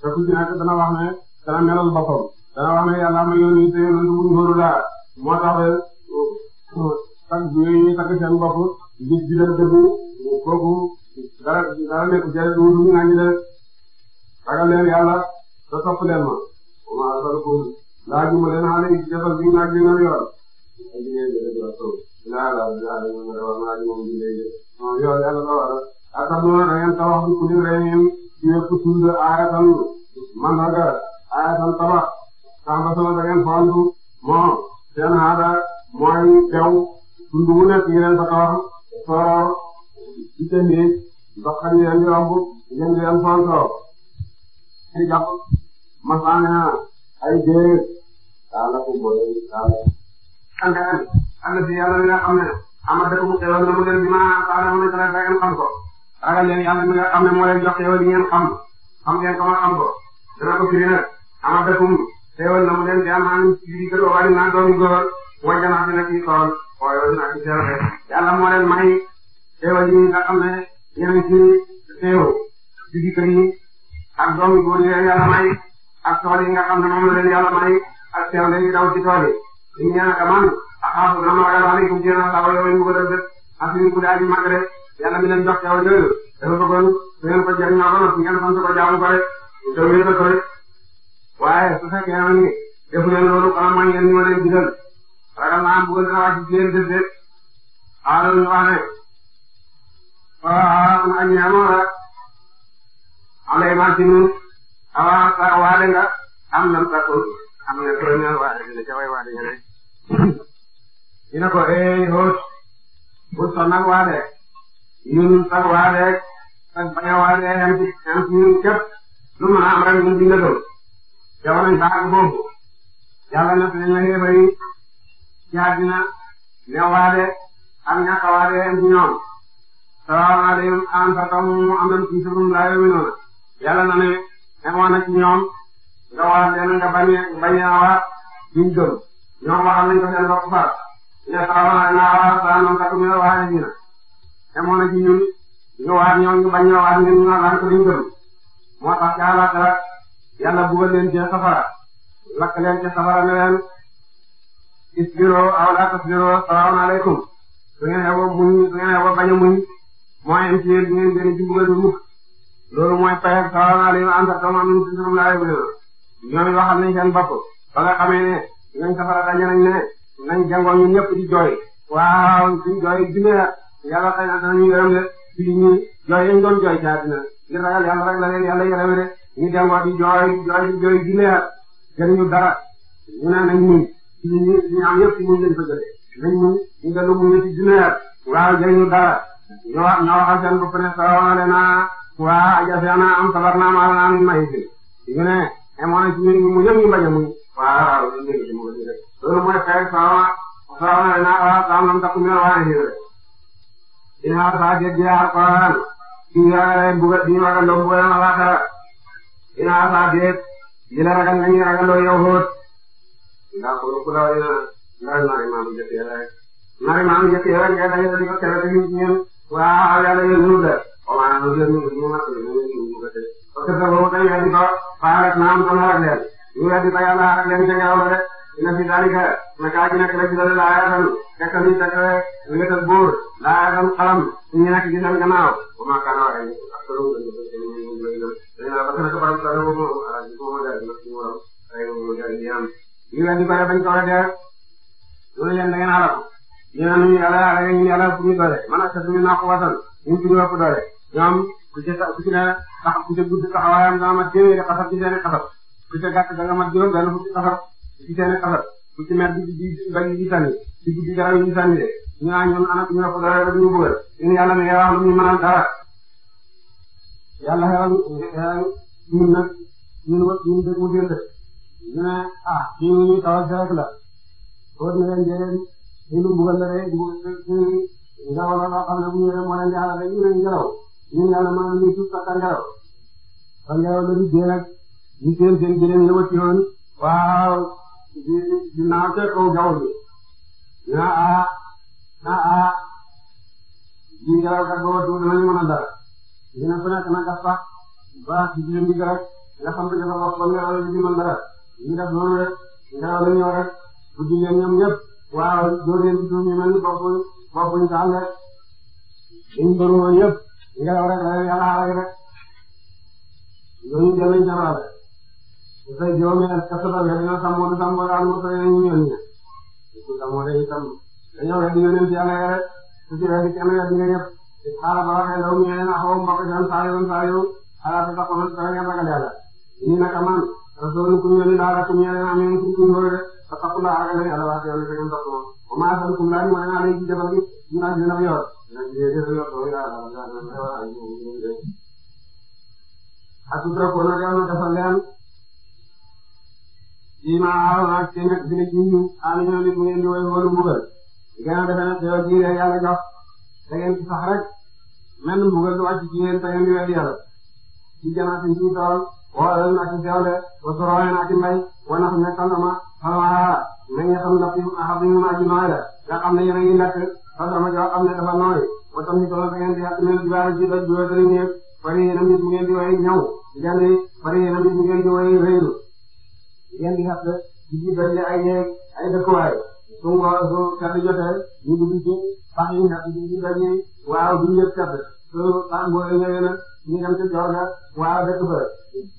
te ku ci nekk dana wax ne dana melal boppam dana wax ne yàlla ma yónni te yónni bu ngóoru laa moo tax tag bi ñuy tag seen bopp nit bi leen dëgg kooku dara dara nekk jërë du ñu naan ñu def ragal leen yàlla te topp leen ma waaw loolu laajuma leen xale yi ci defal bi naaj bi nga yor. ak jigéen ñi def la taw. laalaale laalaale ñu ne wax naa ji moom ji lay def. non yow yàlla la war a. ak am na ngeen tabax bi ku ne rey ngeen. ci yëpp tudd aayatan mandarga aayatan tabax. samba sama da ngeen fontu. bon seen aada mooy teew. tund bu nekk ngeen fa tabax. soor ci seen biir. ndox xëy na ngeen yomb. ngeen di leen fontoo. ci jàpp. masaana ay déet. ala ko boole ala. ANCAR àll bi yàlla mi nga xam ne Amady mu xewal na mu leen di ma xaaral ma ne dara da ngeen xam ko ragal leen yàlla mi nga xam ne moo leen jox xewal yi ngeen xam xam ngeen ko ma xam ko dana ko firi nag Amady mu xewal na mu leen di am maa ngi ji gëdoo wàllu naa doomu góor wàññi naa dina ci tool waaye wàllu naa ci seer rek yàlla moo leen may xewal yi nga xam ne yéen ci xew ji kër yi ak doomu góor yi yàlla may ak tool yi nga xam ne moom la leen yàlla may. ak seen dañuy daw ci tool yi ñu ñaan amaan axaafu dana ma ragal aleykum ci yéen asaaba yooyu mu ko def def ak ñu ko daal di màgg rek yàlla mi leen jox xew yooyu dafa bëggoon su ngeen ko jëriñoo ba noppi ngeen sant ko jaamu ko rek te wéy ko rek waaye su fekkee na ni defu leen loolu xanaa mooy ngeen ñu mën a gisal ragal naa am bëggoon dana wàcc ci yéen def de xaaral ñu wax ne waaw am na ñaamoo la am na imaam ci ñun xaw a waa de nga am na mu Eh. Eh, am na première waare ñu ne ca way waare ñu ne ñu ne ko eh Hoth bu sonal waare ñun sax waare ak bañ a waare am ci am ci ñun képp lu mën a am rek ñu dina doon jamono ñu baax boobu yàlla na fi ñu ne bari ci àddina ne waare ak ñàkk a waare am ci ñoom salaamaaleykum an fatam mu amal ci suñu laay wi noonu yàlla na ne ne woon na ci ñoom nga waxal leen nga bañ a bañ a waxal nañ ko seen bopp far ya sawa na awaat saa noonu kat ñu la waaye dina demoon na ci nga waat ñoom ñu bañ a awaat ñun ñu naan ko moo tax ca àllaaxira yàlla bugal leen ci safara lakk leen ci safara ne leen isbiroo aw laa tasbiroo salaamu aleykum su ngeen xewoo muñ su ngeen xewoo bañ a muñ mooy am ngeen gën a ci loolu mooy paye salaamu aleykum anta tooma min sisirum laa yëg ñooy waxal nañ seen bopp ba nga xamee safara daje nañ ne nañ jàngoo ñun ñëpp di jooy waaw suñ jooy dina yàlla xëy na danañu yërëm de fii ñii jooy yañ doon jooy ci àddina ngir ragal rek la leen yàlla yërëm de ñu jàngoo di jooy jooy di jooy dina jëriñu dara ñu ne nañ muñ fii ñii ñu am yëpp muñ lañ fa jëlee nañ muñ ñu dellu muñ ci dina waaw jëriñu dara ñu wax ñu waxal seen bopp ne sawaale naa waa jafe naa am sabar naa maal naa may ne amoon na ci nit ñi mu yëg ñu bañ a muñ waaw loolu mooy xeex faawa faawa na naa waaw faawa moom takku ñu ne waa ngi rek dinaa faa jéggi alquran dinaa leen bugg a dinaa ragal loo bugg a waxaara dinaa faa jeeg di la ragal nga ñuy ragal loo yow xool ndax ku ku daw dina ndax nari maam jëkkee rek nari maam jëkkee rek nga dañu di ko tere di ñun waaw yàlla yëngu la waaw loolu yëpp ñu ngi ñu ngi ñu ngi ñu ngi ko tey parce que boobu dañuy andi ba baal naa am sama leen ñu andi ba yàlla xaaral leen ca ngelaw la rek dina si daal di gërëm na kaa ci nekk rek ci loolu laa yaatal fekk nañu fekk nga tëj buur laa yaatal xalam ñu nekk ci seen gannaaw bu ma kaa la waxee ak loolu la ñu koy jëlee ñu ngi koy jëlee. dañu la parce que nag borom saa yoo xam ne bu ma jaay dina si mu waral ay mu jaay di am ñu andi ba bañ ko war a dee loolu yéen da ngeen a alam ñu ne ñu yàlla yàlla ñu yàlla fu ñu doole man ak sa suñu naaf watal ñu tuddee fu doole ñoom ku ca ku ci ne tax ku ca gudd taxawaayam da nga mat téeméeri xasab ci seeni xasab ku ca gàtt da nga mat juróom benn fukki xasab ci seeni xasab ku ci mer di di bañ di sànni ci guddi garab yi di sànni de ñu naan ñun anam ñu ne ko dara rek ñu bëggal yéen yàlla ne wax lu ñu mënal dara yàlla xelal ñun nag ñun wë ñun dëgg mu jënd ñu ne ah ñu ñu tawal si rek la boo dina leen jëlee ñu bëggal la de ñu nga wala loo xam ne bu ñu yore moo leen jaaxal rek ñu ne ñu ngelaw ñun yàlla maa ngi nuyu suuf sax kàngaraw kàngaraw la di dee nag ñu seen seen jëleen yëwat yoon waaw di di naaw ca kaw jaww ji na a ah, na a ah. ji ngelaw kat booba tuuti nañu mën a dara ñu ne ku nekk na gas sax ba ci jëleen bi rek nga xam ne dafa wax ba ngelaw la di mën dara ñu def loolu rek ngelaw la ñëw rek bu di leen ñoom ñëpp waaw doo leen di tuuti ñu mel ni bokkuñ bokkuñ sax rek dañu bëri woon yëpp ngelaw rek la yàlla xaaral rek ñooñu jëriñ ca loole bu fekk juróomi ak kasabar yi dina sàmmoo du sàmmoo daal mu sëñ ñu ñëw ñëw ku sàmmoo day itam dañoo rek yónent yàlla rek su ci rek kenn rek nga ñëpp xaaral ba waxee law ñu ne na xaw mbokk seen saa yoon saa yoon xalaat sa xamal sa nga ragal yàlla ñu naka man rasul ku ñu ne daal ku ñu ne am ñu ku ñu rek sa taxu la ragal yàlla wax yàlla rek ñu taxu ma ma sankum la ni wala na lay ci defal gi ñu na dina yor atutrakuna dem na defal leen fii ma aaroon ak seen ak dina jiw amina li mu ngeen di woy wala mbugal ngeen a defee nag yow ji la yàlla jox da ngeen ci sax rek mel ni mbugal du wàcc ci yéen da ngeen di weddi yàlla ci janaatin ci tool wala na ci sewle wa sorowe na ci mbay wa nax nekkal na ma xamaa na nga xam ndax fi ma xam ne ñu ma ci nooy la nga xam ne yéen a ngi nekk xam nga am na dafa tam ni tolloo da ngeen di yàq mel di baara ci doj bi ba tëri néeg bari yéen a mbir mu ngeen di woy ñaw jandi bari yéen a mbir mu ngeen di woy réylu ngeen di yàq di ci dolli ay ay dëkkuwaay su ngoo ci pax yi ñàkk di ci dolli waaw duñ yëpp kaddu su pax booy ñëwee nag ñu dem ci joor waaw dëkk ba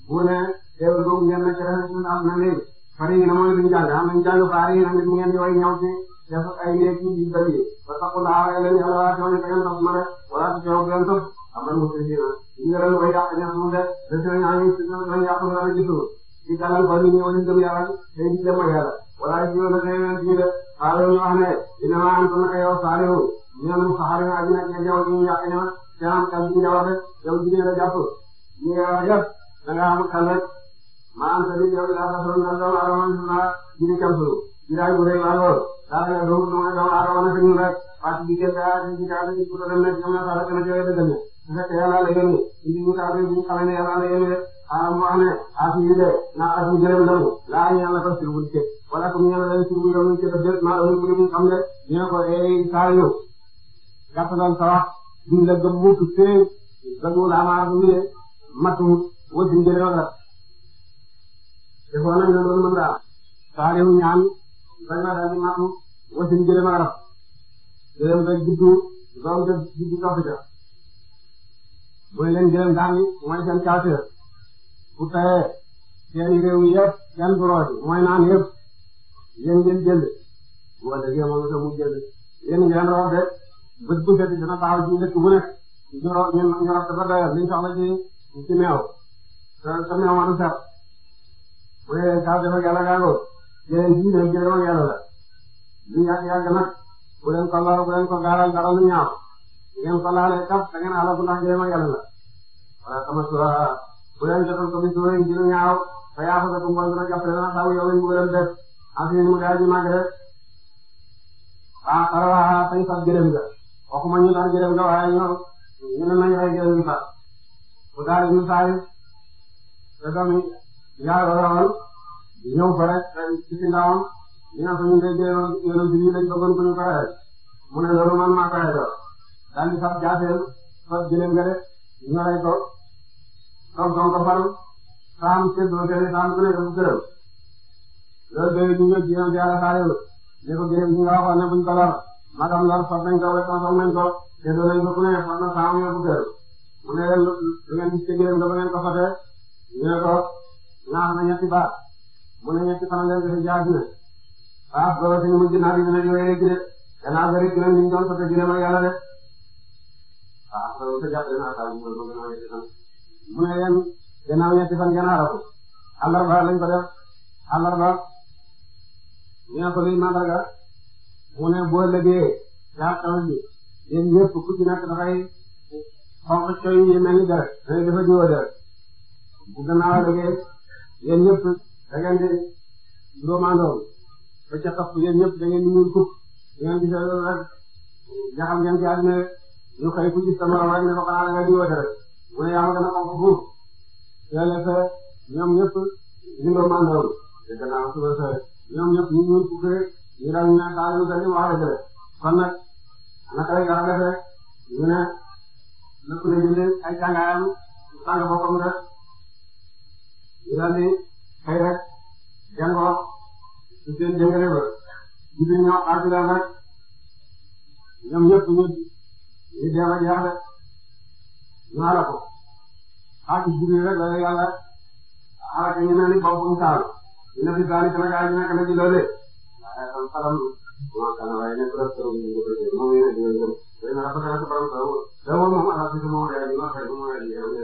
bu ne teewul boobu ngeen na ci rafetlu am na léegi bari yéen a mooy duñ jàng am nañ jàng faar a ci defas ay néeg yu yu bëri ba taxul laa rey leen yàlla waa coono ngeen sos ma de wala si coow ngeen sos am na mu tëjee na ñu ngi leen koy yàq ñax mu de de coono ñax ñu si ñoom yàq mu dara gisul ci dalal ba ñu ñëw ñu gëm yàlla day gis dem ak yàlla wala si yow la koy yéen fii de xaaral ñu wax ne dina maa am sama ayoo saalihu ñu ne mu saxaar nga dina nga jaww ji ñu yàq ña te am kàll bi jaww rek yow jigéen la jàpp ñu ngi wax yëpp da nga am kàll rek maa am sa biir yow yaa ko soxla ndax doomu aadama ñu naa ji di camp daa yaa doon lu may doomu aadama nekk ñun rek parce que kenn daa yaa ci kàddu gi pour dem nekk ñoom ñoo tax a gën a jëlee dëgg su fekkee yàlla la yónni indi ñu kàddu gi bu xamee ne yàlla la yónni rek ah mu wax ne as yu de naa as yu jëlee dëgg laa ñu yàlla ko surbul ci wala comme ñu la leen surbul yow ñu ci def jël naa doon bu ñu xam ne ñu ne ko eh saa yu gàttalal sa wax duñ la gëm mu tuddee dëggu laa maa bu wéyee matu wut duñ jëlee wala defoon nañ la loolu mën daal saa yu ñaan dañ la daal di matu wasin gëlëm arab gëlëm nga juddu doom nga juddu topp ca mooy leen gëlëm daal mooy seen culture bu tawee seen réew yëpp seen buroos mooy naan yëpp yéen ngeen jënd wala yéen moom itam mu jënd yéen ngeen roob de bët bu set dina taxaw ci dëkk bu nekk ñu roob ñu ñu roob dafa doyal liñ soxla ci ci meew ma du set bu dee saa dafa gàllankoor yéen fii nag lu yàgg yàgg nag bu leen ko gaaral dara lu ñaaw ko laalee kaf da ngeen alagu ndax njëriñoo yàlla la wala sama suura bu leen ko bisu wéy lu ñaaw te yaakaar naa ko mbool dina jàppale na taw yow lañ bëgg leen def ak yéen mu daal di màgg rek ah xarala tey sax gërëm nga waxuma ñu tax gërëm nga waaye ñu ne nañ rek gërëm ñu sax bu daal di ñu saay te tamit yaa la ñëw fa rek ci ndawam. ñi nga xam ne day delloo yonent bi lañ bëggoon ku ñu ko mu ne loolu man maa ko xeexal daal di fab jaaseel fab jëlee nga def ñu rey ko toog doon ko faru saam séddoo loolu day ñu ñëw ci yonent yàlla xaaree ne ko gërëm ñu nga waxoon ne buñ ko lor madame lor fab nañ ko wala fab nañ ko séddoo nañ ko ku nekk fab na saam yooyu bu gërëm mu ne leen lu ngeen gis ci gërëm nga ba ngeen ko fatee ne ko ñaax na ñetti baat mu ah loolu si ñu mujj naa di dina di wéyale ji de danaa bëri ji leen ñu doon sotti ji leen ak yàlla de ah loolu sa jàpp dinaa saa ñu koy bëgg naa yegg sax mu ne leen gannaaw ñetti fan gannaaw la ko àllarba lañ ko def àllarba ñu ne ko luy màndarga mu ne boo lëgee yaa xamal ni yéen ñëpp ku ci nekk dafay xonq coy yi mel ni dara mais dafa jiwoo dara bu gannaaw lëgee yéen ñëpp da ngeen di juróom àndoon. ba ca topp yéen ñëpp da ngeen di ñuul kukk ngeen gisee loolu rek nga xam ngeen ci àddina rek ñu xëy ne ko xanaa nga di woote rek mu ne ko fuuf yooyu la ñoom ñëpp li nga mandoon te gannaaw suba sa ñoom ñëpp ñu ñuul kukk rek ñu daal ñu ne saa yu gën la yor defee ñu ne lépp ay jàngaayam sànq boppam rek ñu daal di xëy rek jàngoo ci seen dégré ba guddi ñoom àdduna nag ñoom ñëpp ñu ñu dee ak yàlla ñu xaaral ko xaaju guddi rek la yàlla xaaral ko ñu mel ni boppam taal ñu ne si daal di nag ñu nekk na ci loolee waaye tam xalam waaw kan waaye nekk na trop ñu ngi koy moom ñu nekk nañu ko tey nag dafa nekk borom taw teewul moom ala si moom day ñu wax rek moom day ñu yow de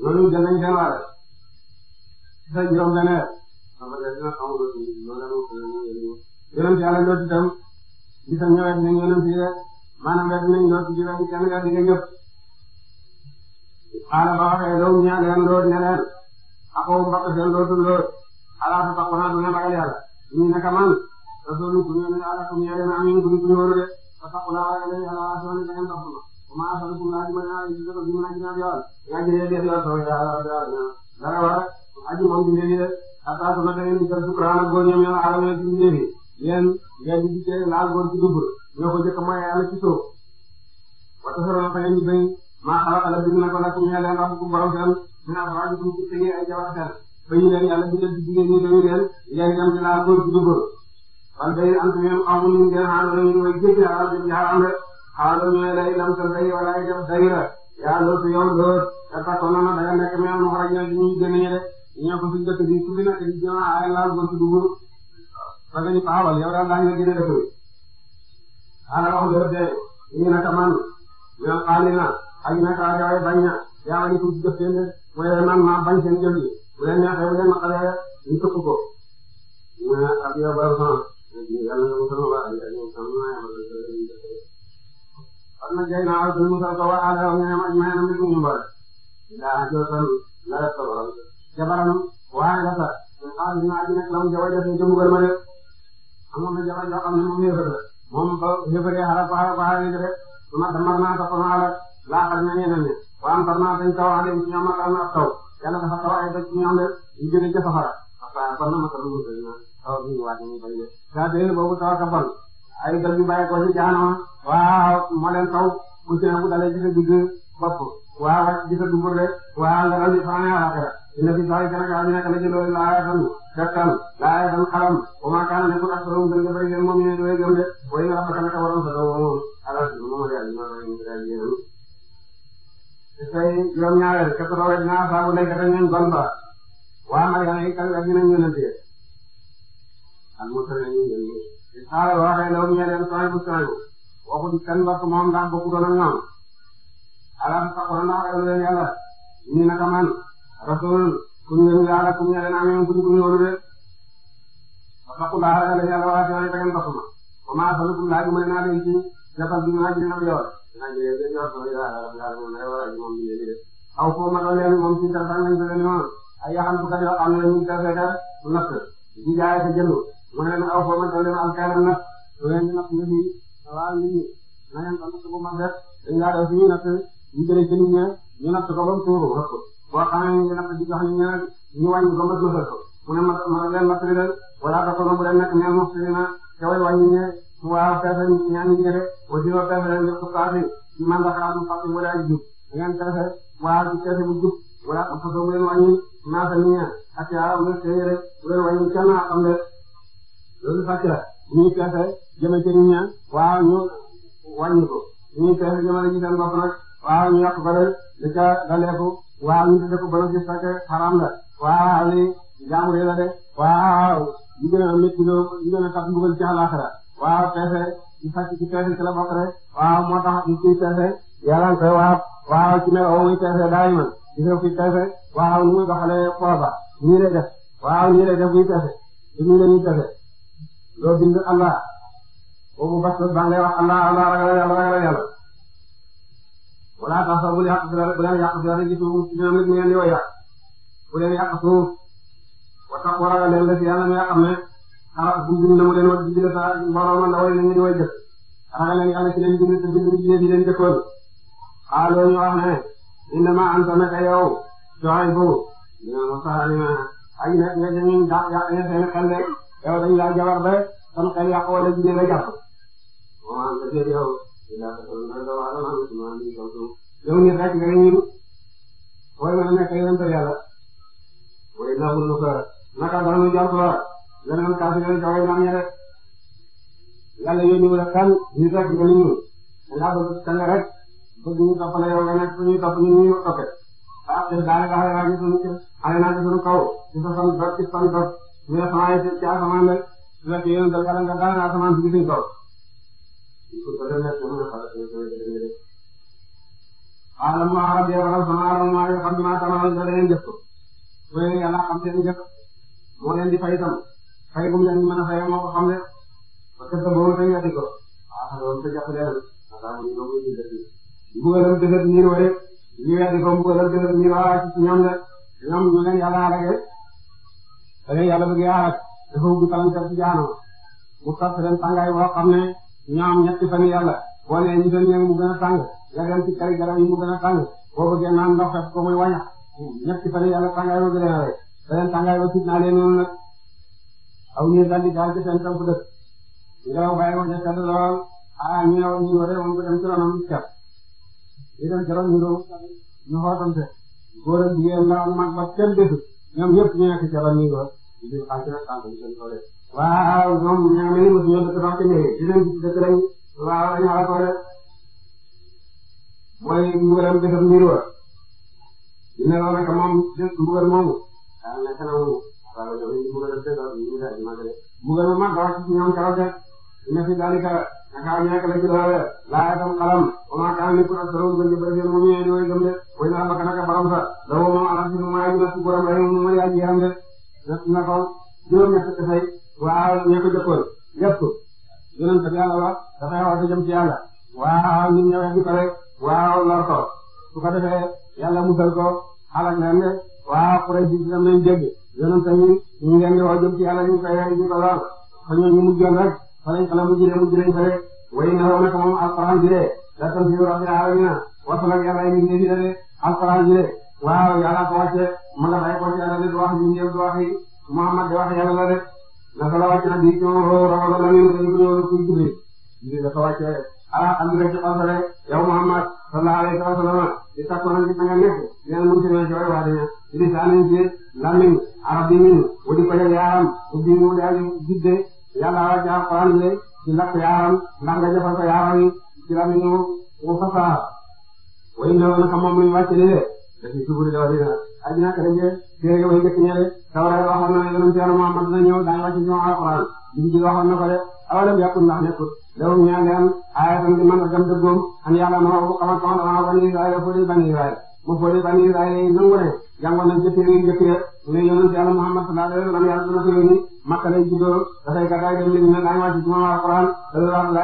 loolu jël nañu seen wàll. yeneen ci yàlla loolu itam gis nañu wet nañu yeneen ci rek maanaam wet nañu loolu ci jiw yi kenn wet nañu ñëpp xaaral ba waxee loolu ña leen lool ña leen akoo mbokk seen lootul lool alaaka sax xanaa du ngeen ragal yàlla ñu ne ka man rasul ku ñu ne alaaka ñu yàlla na am ñu ñu wóoru de te sax xanaa ragal yàlla yàlla soo ne da ngeen taxul ma maa xam ne laa ci mën a ci dëkk bi mën a ci naan yoon yaa ci def yoon soo yàlla dara war aji moom dundee nii de attaque bi da ngeen di jël sukkand góor ñoom ñoo aarale ci ñebe yéen ngeen di gisee laal góor ci dugub ñoo ko jëkk mooy yàlla ci suuf waaye sax dama fay ñu béy maa xalaat la dugg na ko nag ñu ne leen wax ko borom seen ñu naan wax dëgg ci suñuy ay jabar seen ba ñu leen yàlla bindal ci jigéen ñi dañu leen ngeen dem ci laal góor ci dugub wala day am ci même xaw ma nu mu gën a àndal ñu koy jéggi xaaral di xaaral rek xaaral ñu ne day lam sa day wala ay def day la yaa loolu yow lool dafa ko noonu da nga nekk même wax ak ñoom ñu gën a ñu rek ñëw ko suñu dëkk bi ku fi nekk di jéem a aare laal gont dugg fa nga ñu paawal yow daal daañu la gën a def ala wax dëgg de ñu naka man ñoom xaali na ak naka waaye bañ na yaa wani pour jëf seen mooy man maa bañ seen jëf yi bu leen neexee bu leen naqaree ñu tëpp ko mu ne ak yow ba sama yàlla nga musal ba ak yow sama maa yàlla nga na jay naa ak musal ko wa ala wa ñaam ak maanam li ko ñu mbal daa jotal la jabaram waaye dafa xaar ñu aji nag la mu jabar jafe ca mbugal ma na jabar yoo xam ne moom yëfër moom ba yëfëree xarab ba xarab ba xarab yi de su ma damar naa topp naa la laaxal na ñeneen ne wa am tar naa dañ taw taw yàlla dafa taw ay dëkk ci ñoom de ñu jëlee safara waaw kon na taw ñu gën a taw bi ñu waaj a ñu bëri de. saa dee nga dal di faa inna fi zaalika nag am nekk na ci loolu laayatan tegtal laayatan xalam wa maa kaana nekkul aktaruhum gën nga bëri leen moom ñooy doy gëm de waaye rabbaka naka waroon sa doom moom alal si moom de ñu war a ñu daal yéen tey juróom ñaareel képp loo wet naa saabu lay kata ñun gon ba waa Maryam yi kan ak ñu ne ñu leen tee al musa ne ñu leen tee saala waxee law ñu leen sooy bu sooy waxu kan ba moom ndax bokku doon ak ñoom ala fa ko na xaral leen yàlla ñu naka man rasul ku ñu leen yaara ku ñu leen amee ku ñu ko ñëwlu de wattaqullah ragal yàlla waa xew te ngeen bokkuma wa maa asalukum laaj may naa leen ci jàppal bi naa ci naw yool naa jëlee de yool sama yàlla yàlla moom nay wala moom bi léegi de aw foo ma doon leen moom ci dara tan lañ ko leen moom ay yaxam bu kat yoo xam ne ñu defee ka natt di jaay ka jëndu mu ne aw foo ma doon leen alkaara natt su leen di natt ñu fi waa lii na ngeen ko natt bu ma def dañ laa def suñu natt ñu jëlee ci nit ñi ñu natt ko ba mu tuuru rëpp boo xamee ne yàlla di jox ñaar ñu wàññi ko mos la ko mu ne ma ma leen mos leen wala ba solo bu leen nag ñoom mos leen ah te way wàññi ne waaw pexe ñaari njëriñ aussi ba pexe leen def ko paase man la xaar mu fàtte wala ay jub da ngeen pexe waaw ci pexe bu jub wala ko soo bu leen wàññi naata ñu ñaan ak yaa am na sey rek bu leen wàññi kenn a xam ne loolu fàcce la ñuy pexe jëme ci ñaan waaw ñu wàññi ko ñuy pexe jëme ci seen bopp nag waaw ñu yàq ba rek li ca daleeku waaw ñu tuddee ko borom gis parce que xaraam la waaw lii jaamu la de waaw ñu gën a métti loo ñu gën a tax mbugal ci àllaaxira waaw peese ñu fàcc ci peese ci la bokk ci mel woo muy peese daañu man ñu def ci peese waaw ñu muy doxalee nii lay def waaw nii lay def muy peese te nii la ñuy peese loo bind Allah boobu bas ba ngay wax Allah Allah ragal yàlla ragal yàlla wala tax sax bu leen yàq si la bu leen yàq si la rek ci suuf si ñoom it ñu leen di way yàq bu leen yàq suuf waxtaan bu ragal leen la si yàlla mi nga xam ne xalaat bu bind mu leen war di bind saa mbooloo di way jëf ragal leen yàlla ci leen bind te bind bi di leen jëkkoon ah loolu ñu wax ne innama anta naka yow joxe foofu dina ma saa ne ay nekk nga jënd daa yaa ngi seen xel rek yow dañu laa jabar ba sam xel yàq dinaa ko toll ndax dama adama amati maa ngi kaw suuf. yow nit rek nga ñëw booy mën a nekk yonent yàlla booy naamu lu ko naka la ñu jàpp waat leneen kaas yi nga joxe ñoom rek yàlla yónni wu rek kan nit rek nga ñëw dangaa rek bëgg ñu toppale yow nga nekk ñu topp ñu ñu toppe ah te daanaka xale naa ci kaw ci sa fan ba ci fan ba ñu ne sama ay ci asamaan rek su fekkee yéen dal xale nga daanaka asamaan si suñu kaw. xaaral mu xaaral bee waral sama alam maa yoo xam ne maa tamal da ngeen jëf ko sooy yàlla xam seen jëf moo leen di fay itam fay bu mu leen mën a fayoo moo ko xam ne ba kër ga boobu dañuy ati ko ah xam nga moom itam jàppale leen maanaam ñu doon wéy di dëkk bi mbugalam dëgër ñi wala ñu ati ko mbugalam dëgër ñi wala ci ñoom la ñoom ñu leen yàlla aaree da ngay yàlla bëgg a aar dafa ubbi kalam ci jaanam mu tas leen tàngaay boo xam ne. ñoom ñetti fan yàlla boo nee ñu dem mu gën a tàng nga dem ci kari garab yi mu gën a tàng boo bëggee naan ndox def ko muy wàññi ñetti fan yàlla tàngaay ba gën a rey beneen tàngaay ba tuut naa leen noonu nag aw ñu di daal ci seen kaw dëkk ngelaw bàyyi ko ñetti lool ah ñu ne woon ñu waree woon ko dem ci ronam cat ñu dem ci ron ñu doon ñu xootante góor ak jigéen mag ba kenn desul ñoom ñëpp ñu nekk ci ron ñu doon ñu xaaj na tànk ñu seen waaw ñoom ñoo ngi mos ñoo dëkk sax ci ñebe ci leen dëkk lañ waaw dañu xaaral ko rek mooy mbugalam bi def mbir wa dina la nag moom dégg mbugal moomu ah nekk na moomu waaw ñoom ñu mbugal def dëgg ñu ngi daal di màggale mbugal bu mag dafa ci ñoom keroog rek dina fi daal di ka naka ñàkk la ci doole laa itam xalam wa maa kaana li tu'azzaru ba ñu bëri seen moom ñëwee di way gëm de way naa bakka naka baram sa dawoo moom alal ci nu maa ñu na si borom ay moom mooy yaa ji am de def na ko juróom ñett dafay waaw ñoo ko jëkkoon lépp yonent bi yàlla wax dafay wax jëm ci yàlla waaw ñu ñëwee di ko rek waaw lor ko su ko defee yàlla musal ko xalaat leen ne waaw Quraysh bi dam nañ dégg yonent yi ñu ngi leen di wax jëm ci yàlla ñu koy yore ñu ko lor fa ñoo ñu mujjoon rek fa lañ xala mujjee mujj lañ ko rek way na woon nag moom alxuraan bi de la tanziilu rabbil aalamiin wasal ak yàlla ñu ngi di de alxuraan bi de waaw yàlla ko wàcce ma nga bàyyi ko ci yàlla de wax ñu ñëw di wax yi Muhammad di wax yàlla la de naka la wàcc nag di ñëw rawatina li nga ñëw kuy julli lii dafa wàcc rek ah am nga Muhammad sallallahu alayhi wa sallam di sakk nag di nga nekk nee na mu ngi ci way wax wu di yaaram jidde yaaram ndax nga jëfal yaaram yi ci lamiñu wu fasaa way ndox naka moom luñ wàcc li de dañuy jublu dafa dina addina kër yéen kër yéen mooy njëkk ñële tawara yi waxoon na yonent Yàlla Muhammad dina daañu wàcc ci ñoom alquran liñ ci waxoon na ko awalam yàkkul ndax nekkul loolu ñu ñaan leen aayatan di mën a dem an yàlla ma woo xamal ko xamal bani Israël fóodee bani Israël mu fóodee bani Israël yi nangu ne jàngoon nañ ci téere yu ya ne yonent Yàlla Muhammad sallallahu alayhi wa sallam yàlla dina ko yónni Makka lay daañu wàcc ci ñoom alquran sallallahu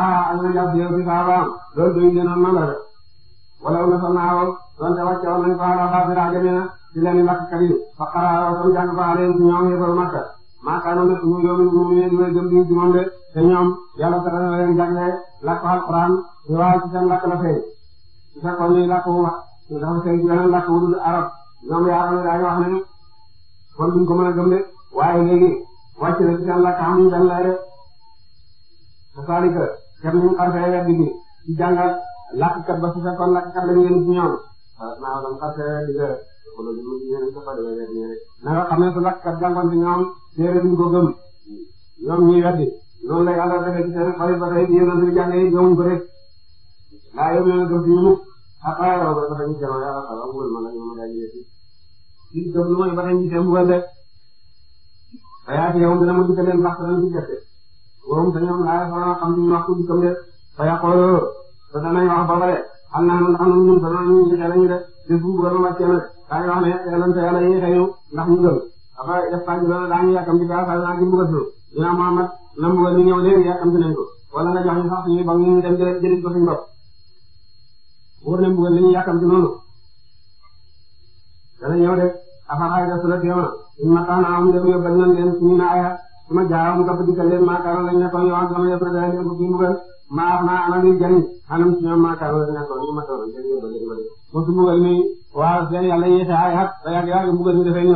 alayhi wa sallam seet wala na sax naa woon donte wàcce woon ko ala xaafira jamina ci leen lakkat yi fa xaraa tam jàng ko aleen ci ñoom yëfar makka makka noonu suñu doomi mu'minin ñu way gëm di ci moom de te ñoom yàlla sara na leen jàngee lakk alquran ñu waaye ci seen lakk la feeñ su fekkoon ñuy lakk wu dafa feeñ ci beneen lakk wu dul arab ñoom yaarame daañu wax ne kon duñ ko mën a gëm waaye léegi wàcc na ci seen lakk amuñ benn lay de te saalika lakkat ba su fekkoon lakkat la ngeen ci ñoom naa la xasee di nga xoolal di nga ñëw dafa demee rek nii rek na nga xam ne su lakkat jàngoon ci ñoom téere duñ ko gëm ñoom ñuy weddi noonu la yàlla defee ci seen xarit ba tey di yéen a jàngee ñoom ko rek laa yóbbu ñoom gëm ci ñu xataa yow ba dafa ñu jëloon yàlla xaral mbugal ma la ñoom daal di yëkkati li gëm lu mooy ba tey ñu seen mbugal de xayaati yow dina ma dikka leen lakk dana ci gerte boobu te ñoom laa xam ñu wax ko dikkam de xaya xooloo te danañ wax ba pare xam naa ne am nañu doon ñu ngi jëlee ñu def bés bu bu doon wàccee daañu wax ne yàlla te yàlla yéex a ñëw ndax ñu gëm dafa def pàcc loolu daañu yàkkam ci baax a baax di mbugal lool dinaa Muhammad la mbugal ñu ñëw léegi yàkkam ci nañ ko wala nga jox ñu sax ñu ba ñu dem jëlee jëlee ko suñu bopp wóor na mbugal li ñu yàkkam ci noonu dana ñëw de afaraay da sula teema in ma taana am dem yóbbal nañ leen suñu naaya su ma jaawam maa maa ana luy jariñ xanam ci ñoom maa kaanu la nekkoon ma doon jariñ ba léegi ba léegi mosu seen yàlla yéete ay at ba yàgg yàgg mbugal mi dafay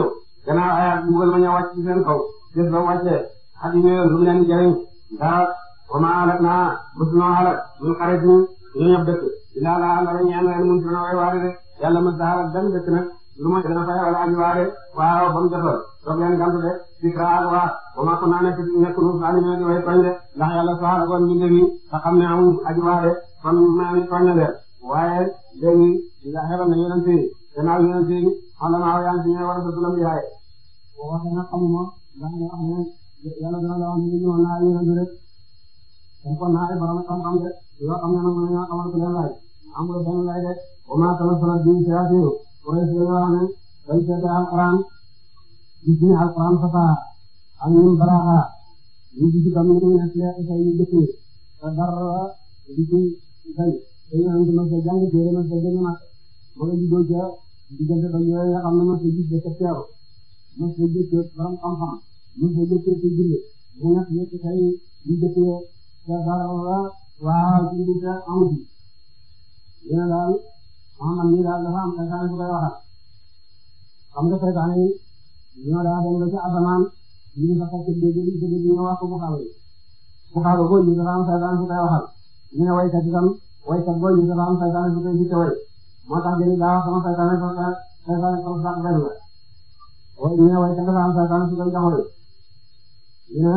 wa maa alak naa noo alak ñun xarit ñu ñu ñëpp dëkk ilaa laa la ñaan leen mun ci na way waare de yàlla mos a alak benn dëkk nag lu ma gën a fay wala ñu waare waaw ba ko naanee si nekkul Aliou maa way tooñ de ndax yàlla sax kon ñu demee nga xam ne amul aji waare kon maa ngi tooñ leen waaye léegi ndax xelal na yeneen fii gannaaw yeneen fii xam maa ngi leen war a dugg lam yaay. waaw xanaa xamuma ndax nga xam ne yàlla dina la wax ñu ñëw naa yeneen fii rek kon kon naa ay borom xam-xam de yoo xam ne moom la ñu xamal ko leen laaj am nga benn laaj de au kuréel yooyu wax ne dañ seetee alquran gis ne alquran fasaha ak ñun balaaxa ñu gis ba mu ngi nekk leer say yu di ci dañ te ñu naan mos a jàng téere mos a gën a mat mos a juddoo ca diggante ba yooyu nga xam ne mos mu nekk ñetti say yu dëkk yi te dara waaw ci biir amu Muhammad mii daal dafa am seytaane bu koy waxal xam nga seytaane yi ñoo daa dem ba ci asamaan ñu ngi sax ci dégg li ci dégg ñu wax ko Buxaari Buxaari boo ñu dafa am seytaane bu koy waxal ñu ne waykat itam waykat boo ñu dafa am seytaane bu koy jiite way moo tax jëli daa wax sama seytaane ko seytaane ko sax benn la way ñu ne waykat dafa am seytaane bu koy jaxoy ñu ne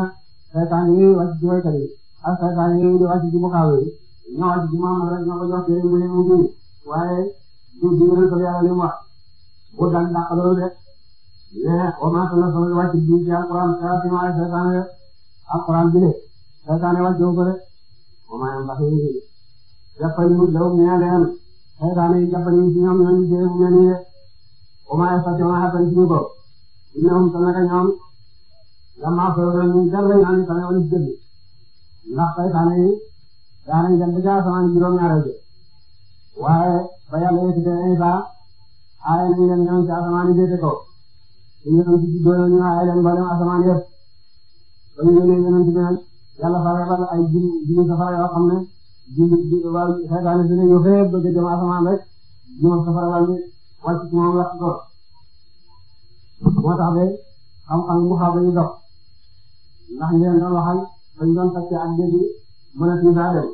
seytaane yi wàcc ci waykat yi ak seytaane yi di wàcc ci Buxaari ñoo wàcc ci Muhammad rek ñoo ko jox waaye di di yonent bi yàlla li mu wax bu daan dàq loolu rek mais au moins la soxla wàcc bi ci alquran saa si maay seetaan rek alquran bi de seetaan wàcc ko rek au moins ndax yéen jàppale ñu daw ñu ñaan leen ñoom ñoom ñu jëlee mu mel nii rek au moins saa si maay xatal ci ñu ko ñoom tamit ak ñoom la maa ko yoroon ñu jàppale ñu naan tamit wala ci dëgg ndax seetaan yi daanaka jàpp ci asamaan juróom-ñaar waaye ba yàlla yëkkatee Isa aaye nañ leen ñoom ci asamaan yi jëte ko ñu ñëw ci juddoo ñu aaye leen mboolem asamaan yëpp ba ñu yónnee yonent bi nag yàlla fa yabal ay jinn jinn safara yoo xam ne jinn jinn wàll xeetaane si ne ñu fee bëgg a jëm asamaan rek jinn safara wàll bi wàcc ci moom yàq ko moo tax ba xam-xam bu xaaba yi dox ndax ñu leen doon waxal dañu doon fàtte ak dégg mën a tiisaa dem